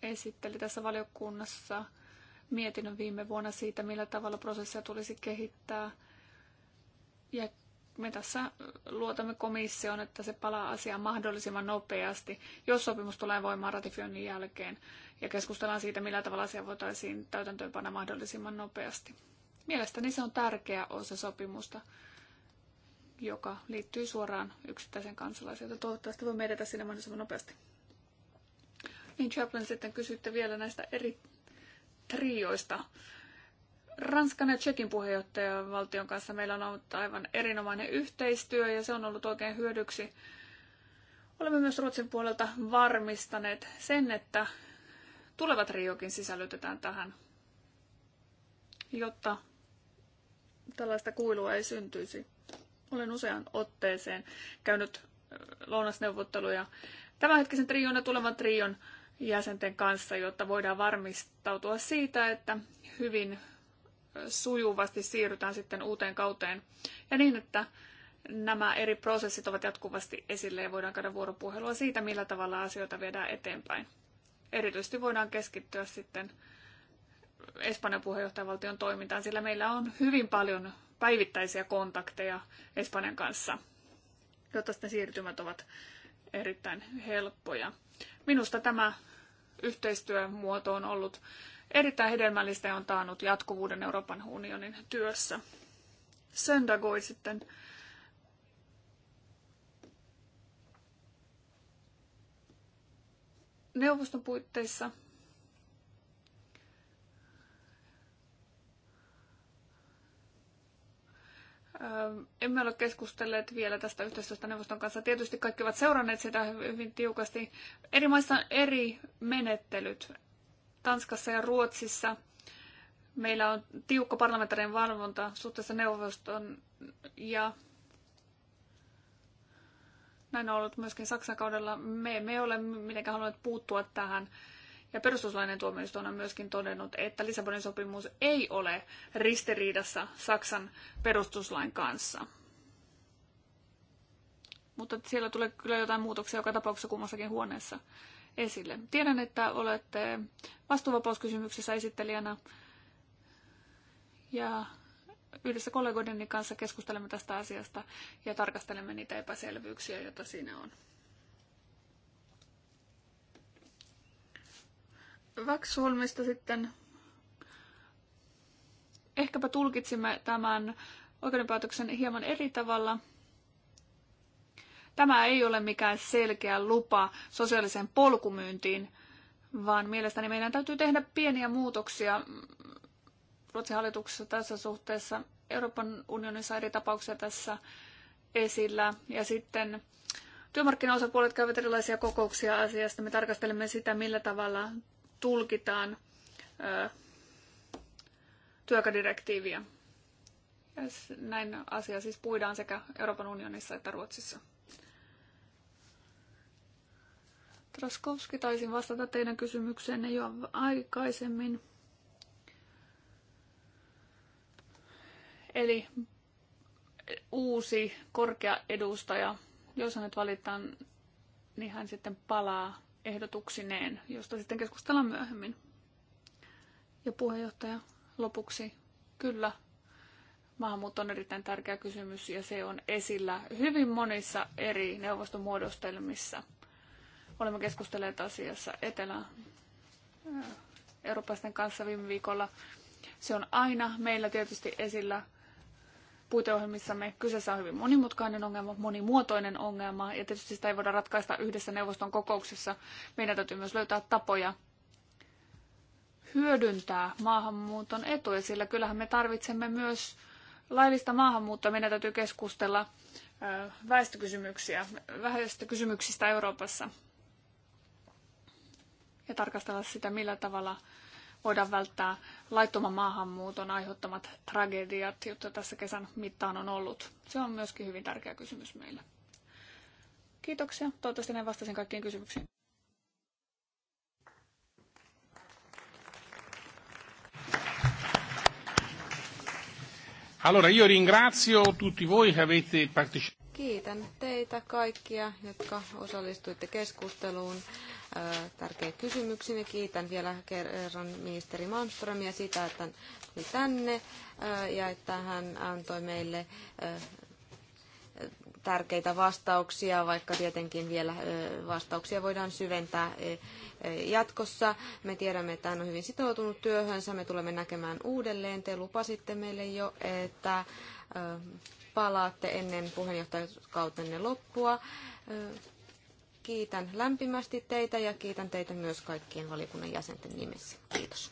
esitteli tässä valiokunnassa mietinnön viime vuonna siitä, millä tavalla prosessia tulisi kehittää. Ja me tässä luotamme komissioon, että se palaa asiaan mahdollisimman nopeasti, jos sopimus tulee voimaan ratifioinnin jälkeen. Ja keskustellaan siitä, millä tavalla asia voitaisiin täytäntöönpanna mahdollisimman nopeasti. Mielestäni se on tärkeä osa sopimusta, joka liittyy suoraan yksittäisen kansalaisen, jota toivottavasti voi edetä sinne mahdollisimman nopeasti. Niin Chaplin sitten kysytte vielä näistä eri trioista. Ranskan ja Tsekin puheenjohtajan valtion kanssa meillä on ollut aivan erinomainen yhteistyö ja se on ollut oikein hyödyksi. Olemme myös Ruotsin puolelta varmistaneet sen, että tulevat Riokin sisällytetään tähän, jotta tällaista kuilua ei syntyisi. Olen usean otteeseen käynyt lounasneuvotteluja tämänhetkisen trion ja tulevan trion jäsenten kanssa, jotta voidaan varmistautua siitä, että hyvin sujuvasti siirrytään sitten uuteen kauteen ja niin, että nämä eri prosessit ovat jatkuvasti esille ja voidaan käydä vuoropuhelua siitä, millä tavalla asioita viedään eteenpäin. Erityisesti voidaan keskittyä sitten Espanjan puheenjohtajavaltion toimintaan, sillä meillä on hyvin paljon päivittäisiä kontakteja Espanjan kanssa, jotta sitten siirtymät ovat erittäin helppoja. Minusta tämä yhteistyömuoto on ollut erittäin hedelmällistä ja on taannut jatkuvuuden Euroopan unionin työssä. Söndagoi sitten neuvoston puitteissa emme ole keskustelleet vielä tästä yhteistyöstä neuvoston kanssa. Tietysti kaikki ovat seuranneet sitä hyvin tiukasti. Eri maissa on eri menettelyt. Tanskassa ja Ruotsissa meillä on tiukka parlamentaarinen valvonta suhteessa neuvoston ja näin on ollut myöskin Saksan kaudella. Me emme ole mitenkään halunneet puuttua tähän ja perustuslainen tuomioistuin on myöskin todennut, että Lissabonin sopimus ei ole ristiriidassa Saksan perustuslain kanssa. Mutta siellä tulee kyllä jotain muutoksia joka tapauksessa kummassakin huoneessa esille. Tiedän, että olette vastuuvapauskysymyksessä esittelijänä ja yhdessä kollegoideni kanssa keskustelemme tästä asiasta ja tarkastelemme niitä epäselvyyksiä, joita siinä on. Vaxholmista sitten ehkäpä tulkitsimme tämän oikeudenpäätöksen hieman eri tavalla. Tämä ei ole mikään selkeä lupa sosiaaliseen polkumyyntiin, vaan mielestäni meidän täytyy tehdä pieniä muutoksia Ruotsin hallituksessa tässä suhteessa. Euroopan unionissa eri tapauksia tässä esillä. Ja sitten työmarkkinaosapuolet käyvät erilaisia kokouksia asiasta. Me tarkastelemme sitä, millä tavalla tulkitaan työkadirektiiviä. Ja näin asia siis puidaan sekä Euroopan unionissa että Ruotsissa. Traskowski, taisin vastata teidän kysymykseenne jo aikaisemmin. Eli e, uusi korkea edustaja, jos hänet valitaan, niin hän sitten palaa ehdotuksineen, josta sitten keskustellaan myöhemmin. Ja puheenjohtaja, lopuksi kyllä, maahanmuutto on erittäin tärkeä kysymys ja se on esillä hyvin monissa eri neuvostomuodostelmissa. Olemme keskustelleet asiassa etelä euroopan kanssa viime viikolla. Se on aina meillä tietysti esillä puiteohjelmissamme. Kyseessä on hyvin monimutkainen ongelma, monimuotoinen ongelma, ja tietysti sitä ei voida ratkaista yhdessä neuvoston kokouksessa. Meidän täytyy myös löytää tapoja hyödyntää maahanmuuton etuja, sillä kyllähän me tarvitsemme myös laillista maahanmuuttoa. Meidän täytyy keskustella väestökysymyksiä, väestökysymyksistä Euroopassa ja tarkastella sitä, millä tavalla voidaan välttää laittoman maahanmuuton aiheuttamat tragediat, jotta tässä kesän mittaan on ollut. Se on myöskin hyvin tärkeä kysymys meille. Kiitoksia. Toivottavasti näin vastasin kaikkiin kysymyksiin. Allora io ringrazio tutti voi che avete partecipato. Kiitän teitä kaikkia, jotka osallistuitte keskusteluun tärkein kysymyksiin ja kiitän vielä kerran ministeri Malmströmiä siitä, että hän tuli tänne ja että hän antoi meille tärkeitä vastauksia, vaikka tietenkin vielä vastauksia voidaan syventää jatkossa. Me tiedämme, että hän on hyvin sitoutunut työhönsä. Me tulemme näkemään uudelleen. Te lupasitte meille jo, että palaatte ennen puheenjohtajakautenne loppua. Kiitän lämpimästi teitä ja kiitän teitä myös kaikkien valiokunnan jäsenten nimessä. Kiitos.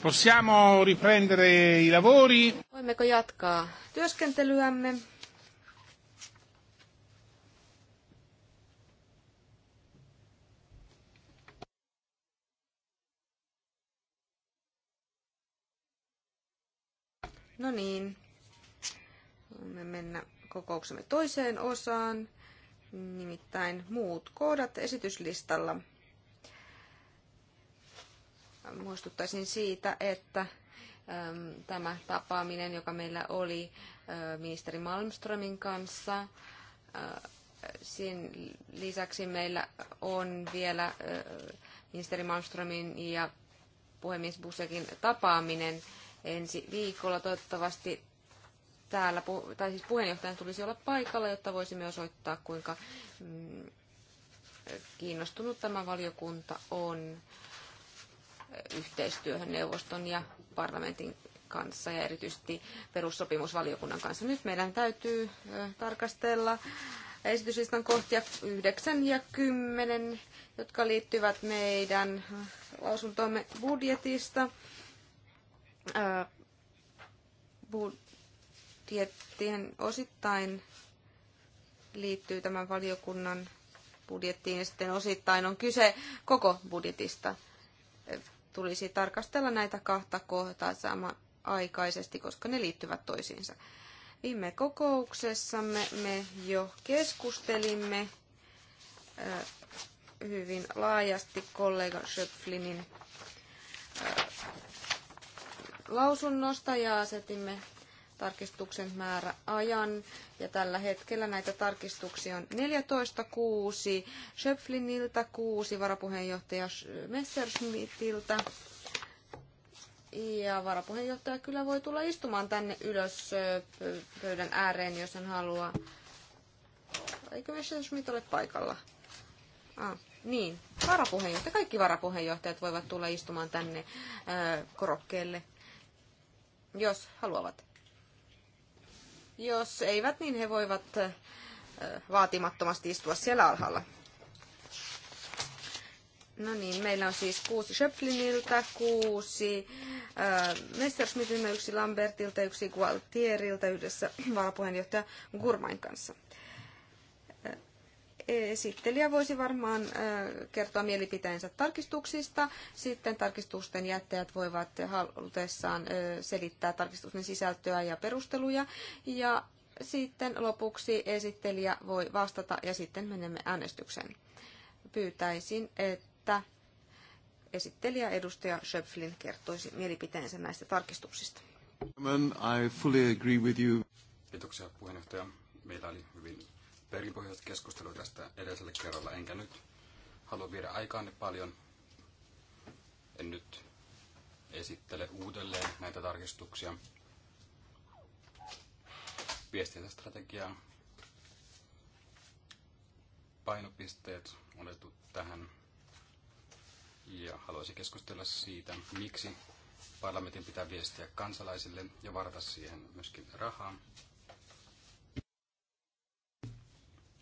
Possiamo riprendere i lavori? Voimmeko jatkaa työskentelyämme? No niin, Voimme mennä kokouksemme toiseen osaan, nimittäin muut kohdat esityslistalla muistuttaisin siitä, että ähm, tämä tapaaminen, joka meillä oli äh, ministeri Malmströmin kanssa, äh, sen lisäksi meillä on vielä äh, ministeri Malmströmin ja puhemies Busekin tapaaminen ensi viikolla. Toivottavasti täällä, tai siis puheenjohtajan tulisi olla paikalla, jotta voisimme osoittaa, kuinka mm, kiinnostunut tämä valiokunta on yhteistyöhön neuvoston ja parlamentin kanssa ja erityisesti perussopimusvaliokunnan kanssa. Nyt meidän täytyy tarkastella esityslistan kohtia 9 ja 10, jotka liittyvät meidän lausuntoomme budjetista. Budjettien osittain liittyy tämän valiokunnan budjettiin ja sitten osittain on kyse koko budjetista tulisi tarkastella näitä kahta kohtaa samanaikaisesti, aikaisesti, koska ne liittyvät toisiinsa. Viime kokouksessamme me jo keskustelimme hyvin laajasti kollega Schöpflinin lausunnosta ja asetimme tarkistuksen määrä ajan. Ja tällä hetkellä näitä tarkistuksia on 14 kuusi, Schöpfliniltä kuusi, varapuheenjohtaja Messerschmittiltä. Ja varapuheenjohtaja kyllä voi tulla istumaan tänne ylös pöydän ääreen, jos hän haluaa. Eikö Messerschmitt ole paikalla? Ah, niin, varapuheenjohtaja. Kaikki varapuheenjohtajat voivat tulla istumaan tänne korokkeelle, jos haluavat. Jos eivät, niin he voivat vaatimattomasti istua siellä alhaalla. No niin, meillä on siis kuusi Schöpfliniltä, kuusi äh, Messerschmittiltä, yksi Lambertilta, yksi Gualtierilta yhdessä varapuheenjohtaja Gurmain kanssa esittelijä voisi varmaan kertoa mielipiteensä tarkistuksista. Sitten tarkistusten jättäjät voivat halutessaan selittää tarkistusten sisältöä ja perusteluja. Ja sitten lopuksi esittelijä voi vastata ja sitten menemme äänestykseen. Pyytäisin, että esittelijä edustaja Schöpflin kertoisi mielipiteensä näistä tarkistuksista. I fully agree with you. Kiitoksia puheenjohtaja. Meillä oli hyvin perinpohjaiset keskustelua tästä edellisellä kerralla, enkä nyt halua viedä aikaanne paljon. En nyt esittele uudelleen näitä tarkistuksia. Viestintästrategiaa. Painopisteet on otettu tähän. Ja haluaisin keskustella siitä, miksi parlamentin pitää viestiä kansalaisille ja varata siihen myöskin rahaa.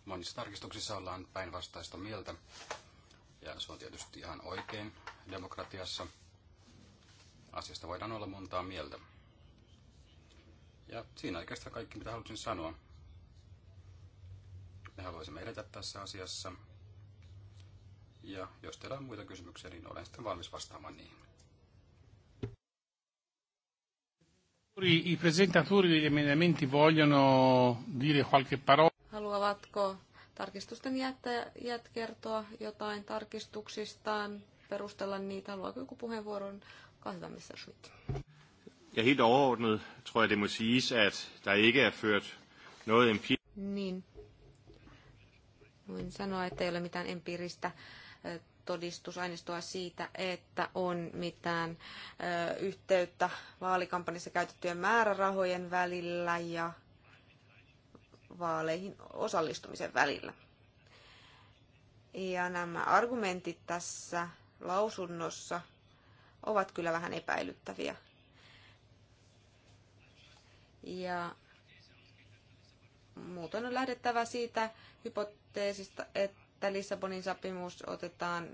monissa tarkistuksissa ollaan päinvastaista mieltä. Ja se on tietysti ihan oikein demokratiassa. Asiasta voidaan olla montaa mieltä. Ja siinä oikeastaan kaikki, mitä halusin sanoa. Me haluaisimme edetä tässä asiassa. Ja jos teillä on muita kysymyksiä, niin olen sitten valmis vastaamaan niihin. I presentatori degli emendamenti vogliono dire qualche parola. Haluavatko tarkistusten jättäjät kertoa jotain tarkistuksistaan, perustella niitä? Haluaako joku puheenvuoron? Kahdella, missä Mr. Ja helt overordnet tror jeg, det må siges, at der ikke er ført noget empirisk. Niin. Voin sanoa, että ei ole mitään empiiristä todistusaineistoa siitä, että on mitään yhteyttä vaalikampanjassa käytettyjen määrärahojen välillä ja vaaleihin osallistumisen välillä. Ja nämä argumentit tässä lausunnossa ovat kyllä vähän epäilyttäviä. Ja muutoin on lähdettävä siitä hypoteesista, että Lissabonin sopimus otetaan,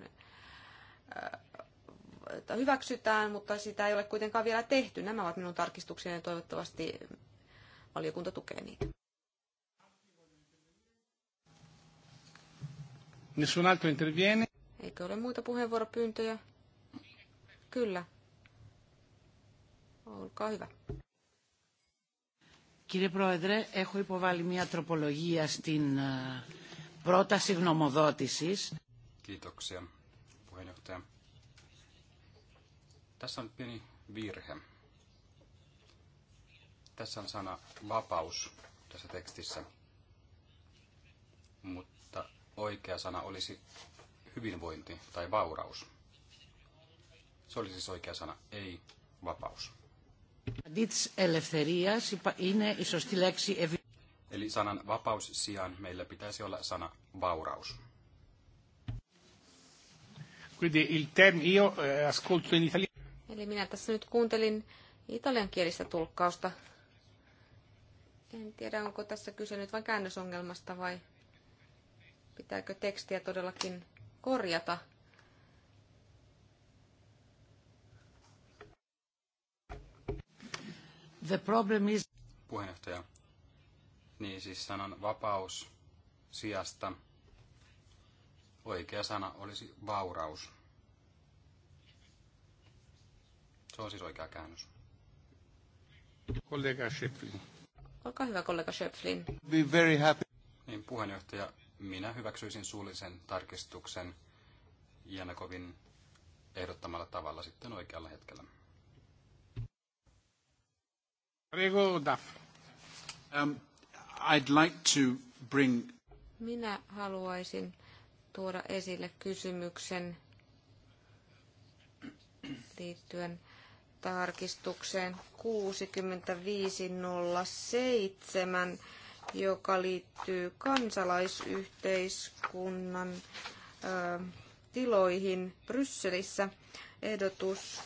äh, että hyväksytään, mutta sitä ei ole kuitenkaan vielä tehty. Nämä ovat minun tarkistukseni ja toivottavasti valiokunta tukee niitä. Nessun altro interviene. Eikö ole muita puheenvuoropyyntöjä? Kyllä. Olkaa hyvä. Κύριε Πρόεδρε, έχω υποβάλει μια τροπολογία στην πρόταση γνωμοδότησης. Kiitoksia, puheenjohtaja. Tässä on pieni virhe. Tässä on sana vapaus tässä tekstissä, mutta oikea sana olisi hyvinvointi tai vauraus. Se olisi siis oikea sana, ei vapaus. Eli sanan vapaus sijaan meillä pitäisi olla sana vauraus. Quindi il eh, ascolto in italiano. Eli minä tässä nyt kuuntelin italiankielistä tulkkausta. En tiedä, onko tässä kyse nyt vain käännösongelmasta vai Pitääkö tekstiä todellakin korjata? The problem is... Puheenjohtaja. Niin siis sanan vapaus sijasta oikea sana olisi vauraus. Se on siis oikea käännös. Kollega Schöpflin. Olkaa hyvä kollega Schöpflin. Be very happy. Niin puheenjohtaja, minä hyväksyisin suullisen tarkistuksen Janakovin ehdottamalla tavalla sitten oikealla hetkellä. Um, I'd like to bring... Minä haluaisin tuoda esille kysymyksen liittyen tarkistukseen 6507 joka liittyy kansalaisyhteiskunnan tiloihin Brysselissä. Ehdotus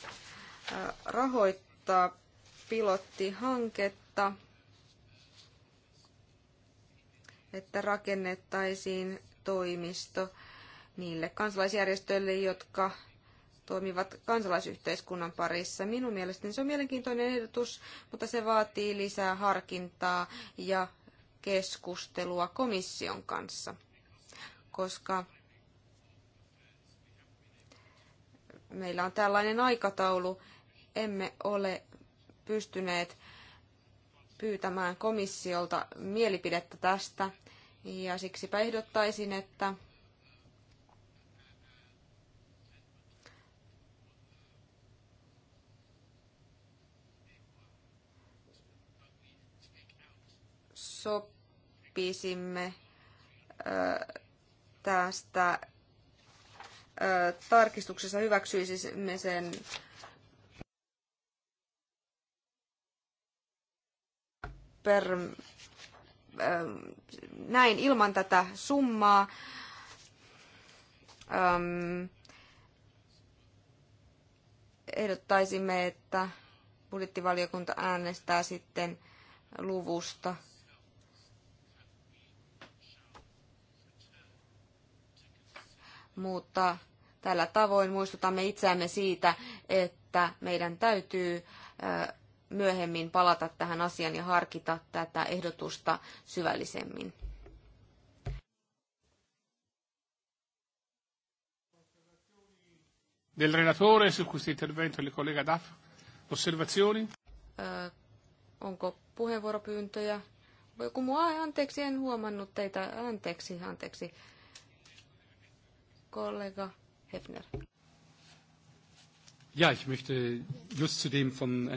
rahoittaa pilottihanketta, että rakennettaisiin toimisto niille kansalaisjärjestöille, jotka toimivat kansalaisyhteiskunnan parissa. Minun mielestäni se on mielenkiintoinen ehdotus, mutta se vaatii lisää harkintaa ja keskustelua komission kanssa, koska meillä on tällainen aikataulu, emme ole pystyneet pyytämään komissiolta mielipidettä tästä, ja siksipä ehdottaisin, että sopisimme tästä tarkistuksessa hyväksyisimme sen per, näin ilman tätä summaa. ehdottaisimme, että budjettivaliokunta äänestää sitten luvusta mutta tällä tavoin muistutamme itseämme siitä, että meidän täytyy myöhemmin palata tähän asiaan ja harkita tätä ehdotusta syvällisemmin. Del relatore su questo intervento il collega Daff. Osservazioni? Uh, onko puheenvuoropyyntöjä? Joku muu, anteeksi, en huomannut teitä. Anteeksi, anteeksi kollega Hefner. Ja, ich möchte just zu dem von...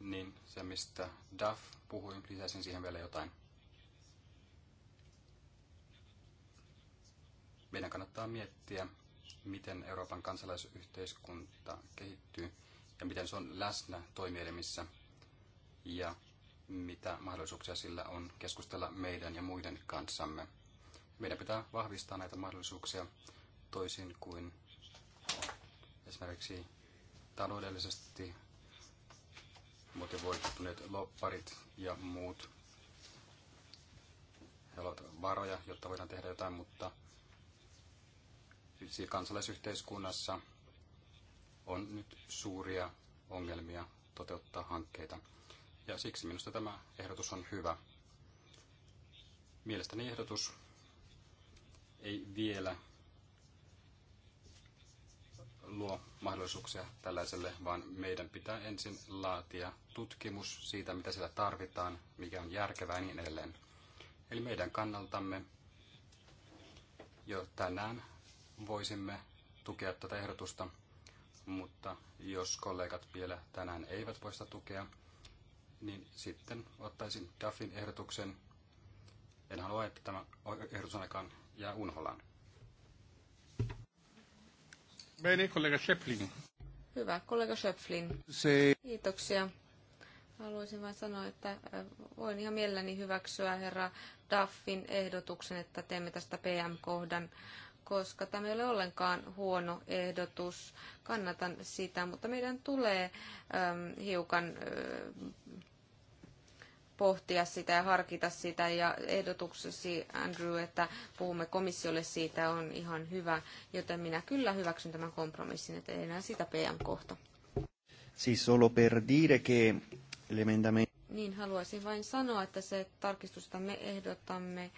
Niin, se mistä Duff puhui, lisäsin siihen vielä jotain. Meidän kannattaa miettiä, miten Euroopan kansalaisyhteiskunta kehittyy ja miten se on läsnä toimielimissä ja mitä mahdollisuuksia sillä on keskustella meidän ja muiden kanssamme. Meidän pitää vahvistaa näitä mahdollisuuksia, toisin kuin esimerkiksi taloudellisesti motivoituneet lopparit ja muut. Heillä varoja, jotta voidaan tehdä jotain, mutta siis kansalaisyhteiskunnassa on nyt suuria ongelmia toteuttaa hankkeita. Ja siksi minusta tämä ehdotus on hyvä. Mielestäni ehdotus ei vielä luo mahdollisuuksia tällaiselle, vaan meidän pitää ensin laatia tutkimus siitä, mitä siellä tarvitaan, mikä on järkevää ja niin edelleen. Eli meidän kannaltamme jo tänään voisimme tukea tätä ehdotusta, mutta jos kollegat vielä tänään eivät voi sitä tukea, niin sitten ottaisin Duffin ehdotuksen. En halua, että tämä ehdotus ainakaan jää unholaan. Bene, kollega Hyvä, kollega Schöpflin. Se... Kiitoksia. Haluaisin vain sanoa, että äh, voin ihan mielelläni hyväksyä herra Duffin ehdotuksen, että teemme tästä PM-kohdan, koska tämä ei ole ollenkaan huono ehdotus. Kannatan sitä, mutta meidän tulee äm, hiukan äm, äh, pohtia sitä ja harkita sitä. Ja ehdotuksesi, Andrew, että puhumme komissiolle siitä, on ihan hyvä. Joten minä kyllä hyväksyn tämän kompromissin, että enää sitä PM kohta. Siis solo per dire che Niin, haluaisin vain sanoa, että se tarkistus, jota me ehdotamme,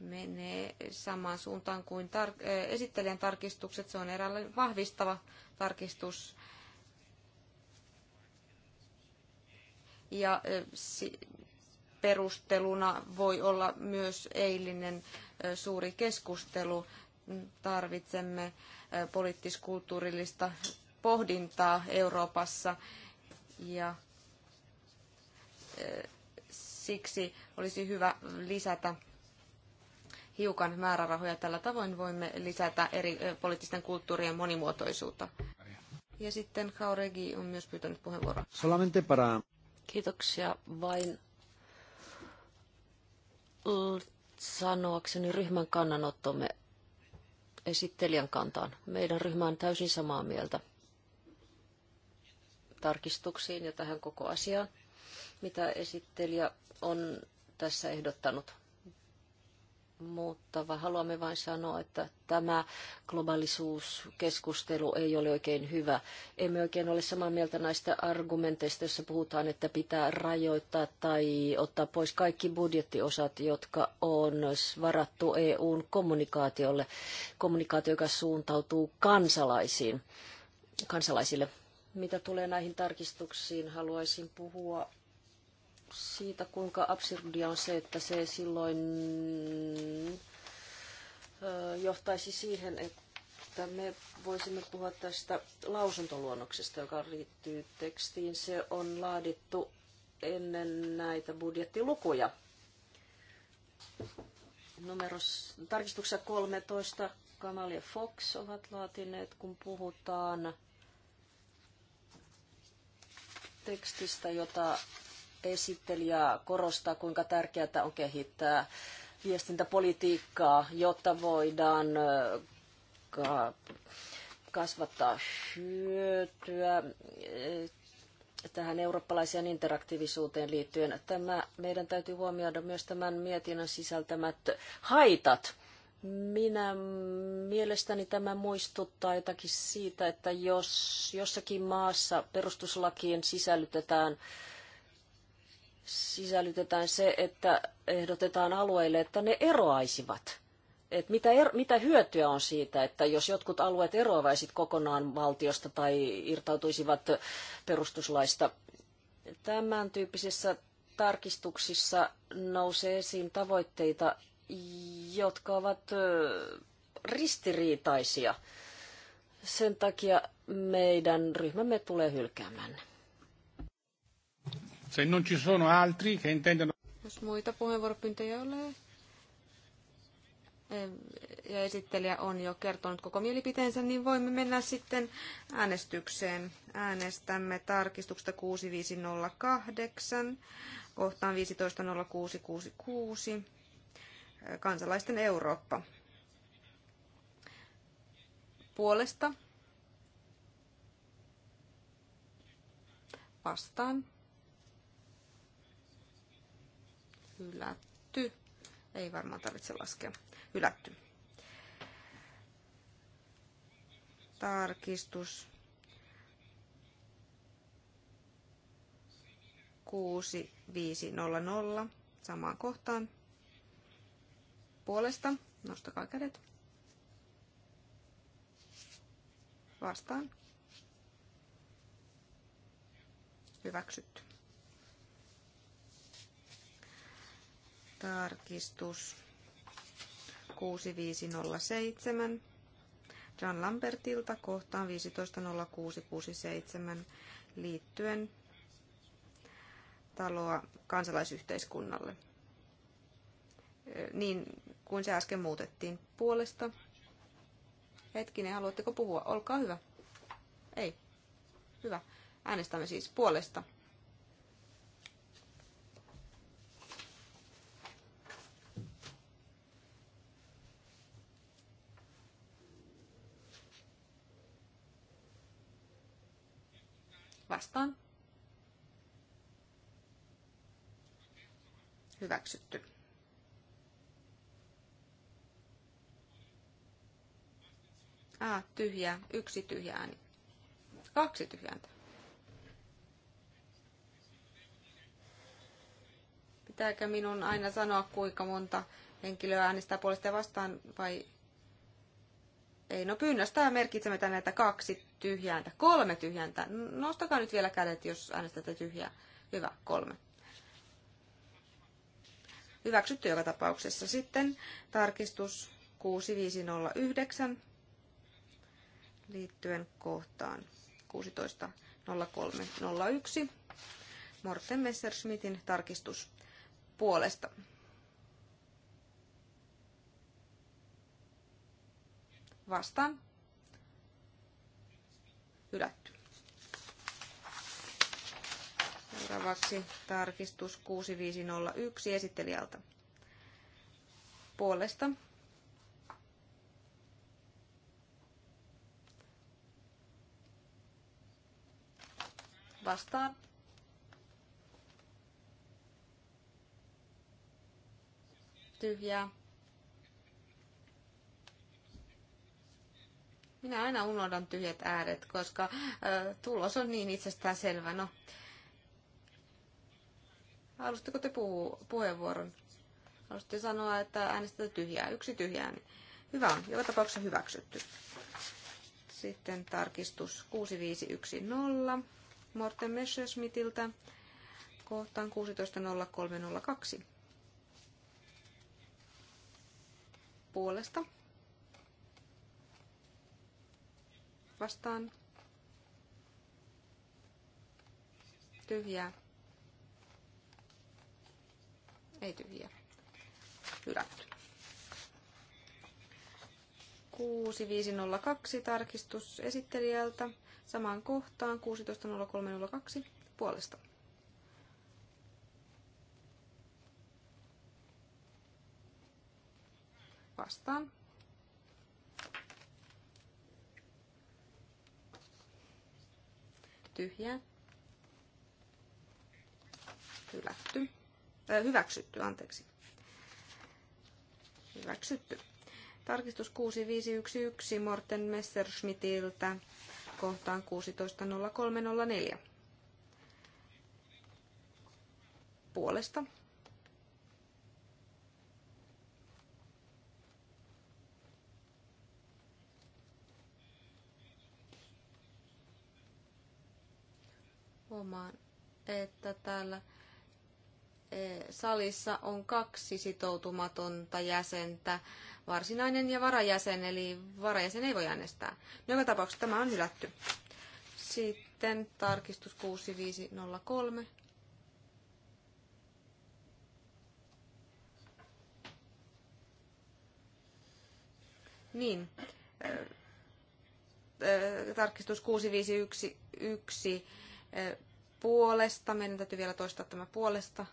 menee samaan suuntaan kuin tar- eh, esittelijän tarkistukset. Se on eräänlainen vahvistava tarkistus ja perusteluna voi olla myös eilinen suuri keskustelu. Tarvitsemme poliittiskulttuurillista pohdintaa Euroopassa ja siksi olisi hyvä lisätä hiukan määrärahoja. Tällä tavoin voimme lisätä eri poliittisten kulttuurien monimuotoisuutta. Ja sitten Kauregi on myös pyytänyt puheenvuoroa. Solamente para... Kiitoksia vain sanoakseni ryhmän kannanottomme esittelijän kantaan. Meidän ryhmä on täysin samaa mieltä tarkistuksiin ja tähän koko asiaan, mitä esittelijä on tässä ehdottanut muuttava. Haluamme vain sanoa, että tämä globalisuuskeskustelu ei ole oikein hyvä. Emme oikein ole samaa mieltä näistä argumenteista, joissa puhutaan, että pitää rajoittaa tai ottaa pois kaikki budjettiosat, jotka on varattu EUn kommunikaatiolle, kommunikaatio, joka suuntautuu kansalaisiin, kansalaisille. Mitä tulee näihin tarkistuksiin, haluaisin puhua siitä, kuinka absurdia on se, että se silloin johtaisi siihen, että me voisimme puhua tästä lausuntoluonnoksesta, joka liittyy tekstiin. Se on laadittu ennen näitä budjettilukuja. Numeros, tarkistuksessa 13 Kamal ja Fox ovat laatineet, kun puhutaan tekstistä, jota esittelijä korostaa, kuinka tärkeää on kehittää viestintäpolitiikkaa, jotta voidaan kasvattaa hyötyä tähän eurooppalaiseen interaktiivisuuteen liittyen. Tämä, meidän täytyy huomioida myös tämän mietinnön sisältämät haitat. Minä mielestäni tämä muistuttaa jotakin siitä, että jos jossakin maassa perustuslakiin sisällytetään äh, sisällytetään se, että ehdotetaan alueille, että ne eroaisivat. Et mitä, er, mitä hyötyä on siitä, että jos jotkut alueet eroavaisit kokonaan valtiosta tai irtautuisivat perustuslaista? Tämän tyyppisissä tarkistuksissa nousee esiin tavoitteita, jotka ovat ristiriitaisia. Sen takia meidän ryhmämme tulee hylkäämään. Se non ci sono altri che intendono... Jos muita puheenvuoropyyntöjä ei ole, ja esittelijä on jo kertonut koko mielipiteensä, niin voimme mennä sitten äänestykseen. Äänestämme tarkistuksesta 6508 kohtaan 150666 kansalaisten Eurooppa. Puolesta vastaan hylätty. Ei varmaan tarvitse laskea. Hylätty. Tarkistus. 6500 samaan kohtaan. Puolesta. Nostakaa kädet. Vastaan. Hyväksytty. Tarkistus 6507. John Lambertilta kohtaan 150667 liittyen taloa kansalaisyhteiskunnalle. Niin kuin se äsken muutettiin puolesta. Hetkinen, haluatteko puhua? Olkaa hyvä. Ei. Hyvä. Äänestämme siis puolesta. vastaan. Hyväksytty. A, tyhjä, yksi tyhjä ääni. Kaksi tyhjää Pitääkö minun aina sanoa, kuinka monta henkilöä äänestää puolesta ja vastaan vai ei, no kyynnästää merkitsemme tänne, että kaksi tyhjääntä, kolme tyhjääntä. Nostakaa nyt vielä kädet, jos äänestätte tyhjää. Hyvä, kolme. Hyväksytty joka tapauksessa. Sitten tarkistus 6509 liittyen kohtaan 16.03.01. Morten Messerschmittin tarkistus puolesta vastaan hylätty. Seuraavaksi tarkistus 6501 esittelijältä puolesta. Vastaan. Tyhjää. Minä aina unohdan tyhjät ääret, koska tulos on niin itsestään selvä. No. Haluatteko te puhu, puheenvuoron? Haluatte sanoa, että äänestätte tyhjää. Yksi tyhjää. Niin hyvä on. Joka tapauksessa hyväksytty. Sitten tarkistus 6510 Morten Messerschmittiltä kohtaan 16.0302. Puolesta vastaan. Tyhjää. Ei tyhjää. Hylätty. 6502 tarkistus esittelijältä samaan kohtaan 16.03.02 puolesta. Vastaan. tyhjää, hylätty, äh, hyväksytty, anteeksi. Hyväksytty. Tarkistus 6511 Morten Messerschmittiltä kohtaan 16.0304. Puolesta Huomaan, että täällä e, salissa on kaksi sitoutumatonta jäsentä, varsinainen ja varajäsen, eli varajäsen ei voi äänestää. Joka tapauksessa tämä on hylätty. Sitten tarkistus 6503. Niin. E, e, tarkistus 6511 puolesta. Meidän täytyy vielä toistaa tämä puolesta.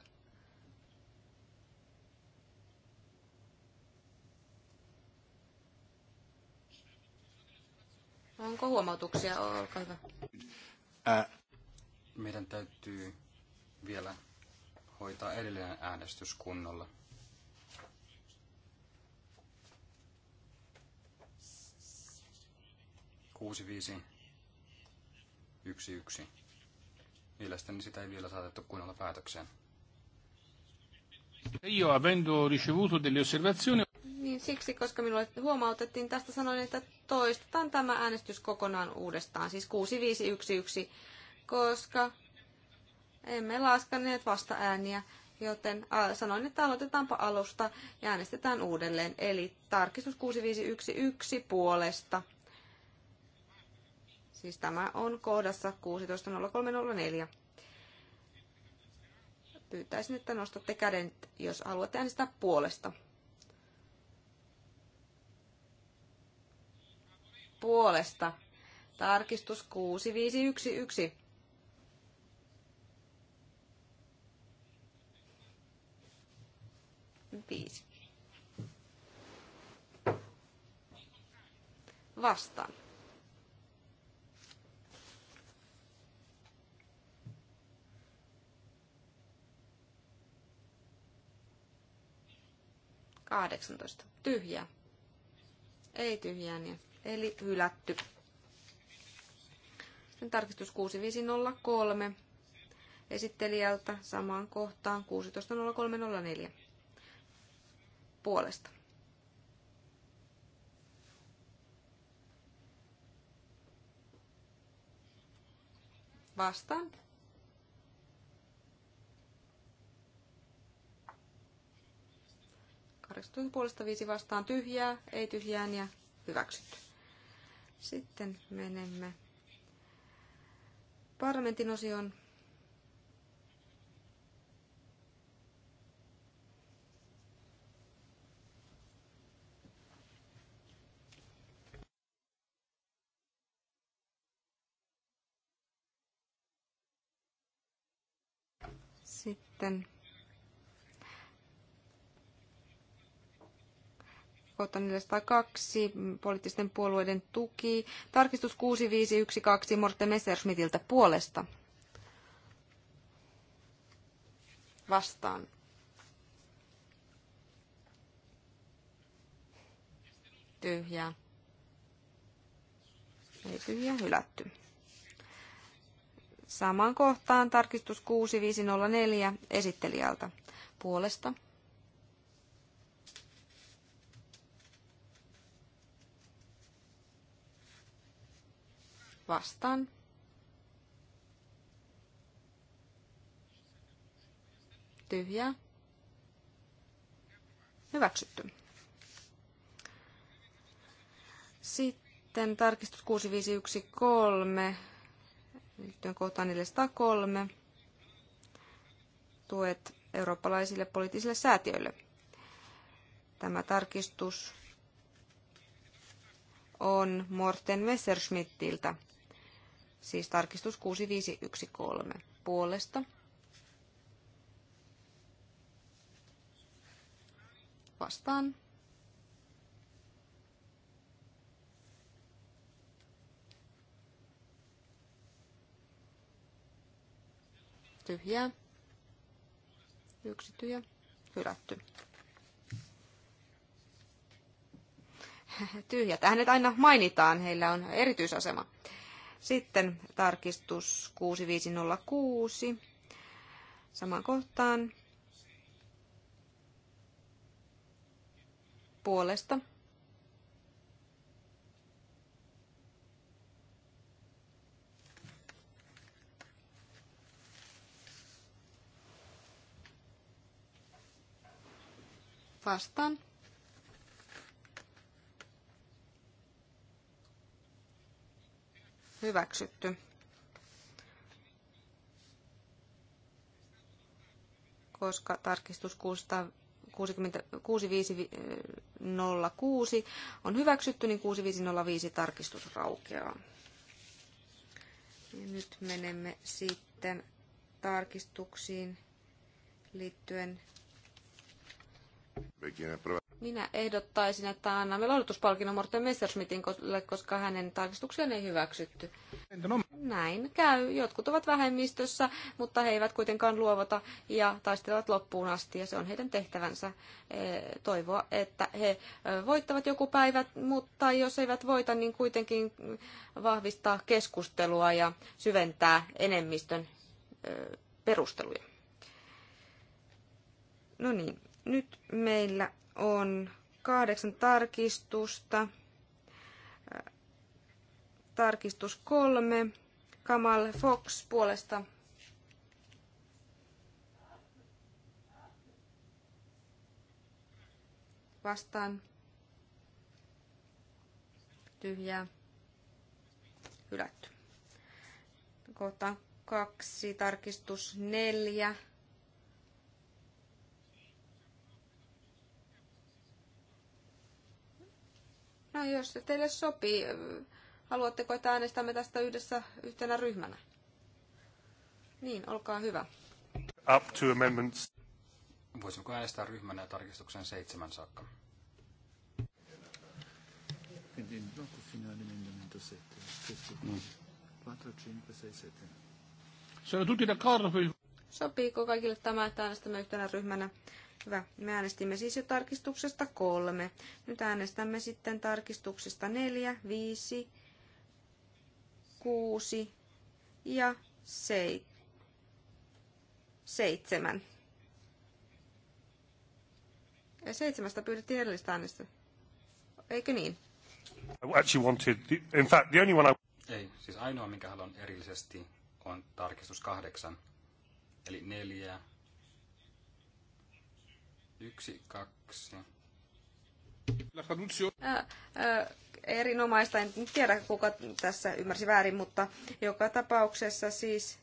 Onko huomautuksia? Olkaa hyvä. Ää, meidän täytyy vielä hoitaa edellinen äänestys kunnolla. Kuusi, viisi, yksi, yksi. Mielestäni sitä ei vielä saatettu kunnolla päätökseen. Io avendo ricevuto delle osservazioni... Niin siksi, koska minulle huomautettiin tästä, sanoin, että toistetaan tämä äänestys kokonaan uudestaan, siis 6511, koska emme laskaneet vasta ääniä, joten sanoin, että aloitetaanpa alusta ja äänestetään uudelleen. Eli tarkistus 6511 puolesta Siis tämä on kohdassa 16.0304. Pyytäisin, että nostatte käden, jos haluatte äänestää puolesta. Puolesta. Tarkistus 6511. Viisi. Vastaan. 18. Tyhjä. Ei tyhjää, niin. Eli hylätty. Sen tarkistus 6503 esittelijältä samaan kohtaan 16.03.04 puolesta. Vastaan. 18 puolesta 5 vastaan tyhjää, ei tyhjään ja hyväksytty. Sitten menemme parlamentin osioon. Sitten kautta 402, poliittisten puolueiden tuki. Tarkistus 6512 Morten Messerschmidtiltä puolesta. Vastaan. Tyhjää. Ei tyhjä, hylätty. Samaan kohtaan tarkistus 6504 esittelijältä puolesta vastaan. Tyhjää. Hyväksytty. Sitten tarkistus 6513, liittyen kohtaan 403, tuet eurooppalaisille poliittisille säätiöille. Tämä tarkistus on Morten Messerschmittiltä. Siis tarkistus 6513 puolesta. Vastaan. Tyhjää. Yksi tyhjä. Hylätty. Tyhjät. Hänet aina mainitaan. Heillä on erityisasema. Sitten tarkistus 6506 samaan kohtaan puolesta. Vastaan. hyväksytty. Koska tarkistus 6506 on hyväksytty, niin 6505 tarkistus raukeaa. Ja nyt menemme sitten tarkistuksiin liittyen minä ehdottaisin, että annamme lohdutuspalkinnon Morten Messerschmittille, koska hänen tarkistuksiaan ei hyväksytty. Näin käy. Jotkut ovat vähemmistössä, mutta he eivät kuitenkaan luovota ja taistelevat loppuun asti, ja se on heidän tehtävänsä e, toivoa, että he e, voittavat joku päivä, mutta jos eivät voita, niin kuitenkin vahvistaa keskustelua ja syventää enemmistön e, perusteluja. No niin, nyt meillä on kahdeksan tarkistusta. Tarkistus kolme. Kamal Fox puolesta vastaan. Tyhjää. Hylätty. Kohta kaksi, tarkistus neljä. No jos se teille sopii, haluatteko, että äänestämme tästä yhdessä yhtenä ryhmänä? Niin, olkaa hyvä. Up to amendments. Voisimmeko äänestää ryhmänä tarkistuksen seitsemän saakka? Mm. Sopiiko kaikille tämä, että äänestämme yhtenä ryhmänä Hyvä. Me äänestimme siis jo tarkistuksesta kolme. Nyt äänestämme sitten tarkistuksesta neljä, viisi, kuusi ja seitsemän. Ja seitsemästä pyydettiin edellistä äänestä. Eikö niin? I actually wanted, the, in fact, the only one I... Ei, siis ainoa minkä haluan erillisesti on tarkistus kahdeksan. Eli neljä, Yksi, kaksi. Äh, äh, erinomaista, en tiedä kuka tässä ymmärsi väärin, mutta joka tapauksessa siis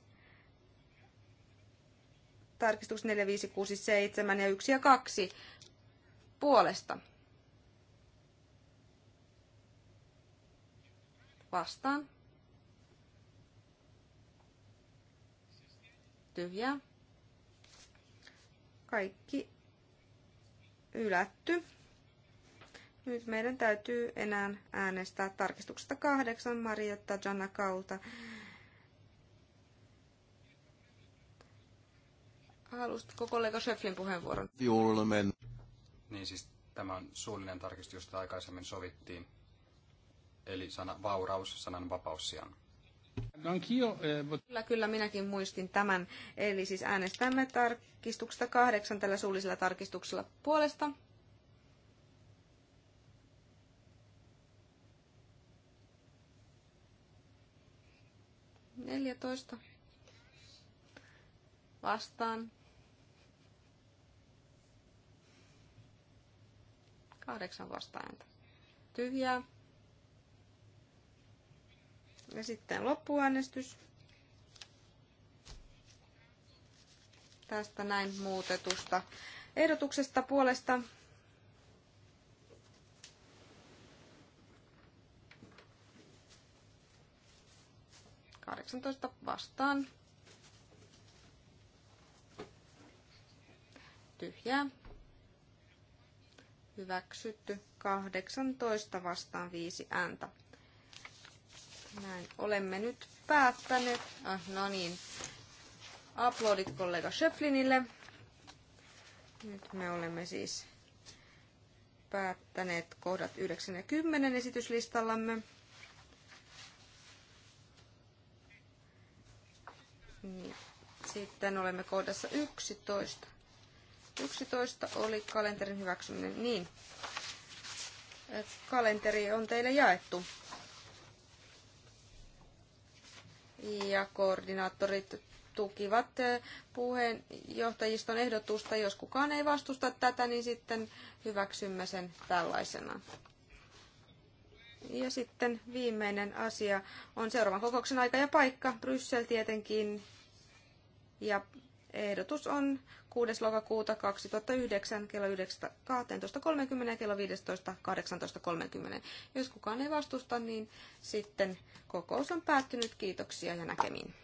tarkistus 4, 5, 6, 7 ja 1 ja 2 puolesta. Vastaan. Tyhjää. Kaikki Ylätty. Nyt meidän täytyy enää äänestää tarkistuksesta kahdeksan Marietta Janakalta. Haluaisitko kollega Schöflin puheenvuoron? Julmen. Niin siis tämä on suullinen tarkistus, josta aikaisemmin sovittiin. Eli sana vauraus sanan vapaus sijaan. Eh, kyllä, kyllä minäkin muistin tämän. Eli siis äänestämme tarkistuksesta kahdeksan tällä suullisella tarkistuksella puolesta. Neljätoista. Vastaan. Kahdeksan vastaan. Tyhjää. Ja sitten loppuäänestys. Tästä näin muutetusta ehdotuksesta puolesta vastaan. Tyhjää. Hyväksytty 18 vastaan 5 ääntä. Näin, olemme nyt päättäneet. Ah, no niin. Uploadit kollega Schöpflinille. Nyt me olemme siis päättäneet kohdat 9 ja 10 esityslistallamme. Niin. Sitten olemme kohdassa 11. 11 oli kalenterin hyväksyminen. Niin. Kalenteri on teille jaettu. ja koordinaattorit tukivat eh, puheenjohtajiston ehdotusta. Jos kukaan ei vastusta tätä, niin sitten hyväksymme sen tällaisena. Ja sitten viimeinen asia on seuraavan kokouksen aika ja paikka. Bryssel tietenkin. Ja Ehdotus on 6. lokakuuta 2009 kello 12.30 ja kello 15.18.30. Jos kukaan ei vastusta, niin sitten kokous on päättynyt. Kiitoksia ja näkemiin.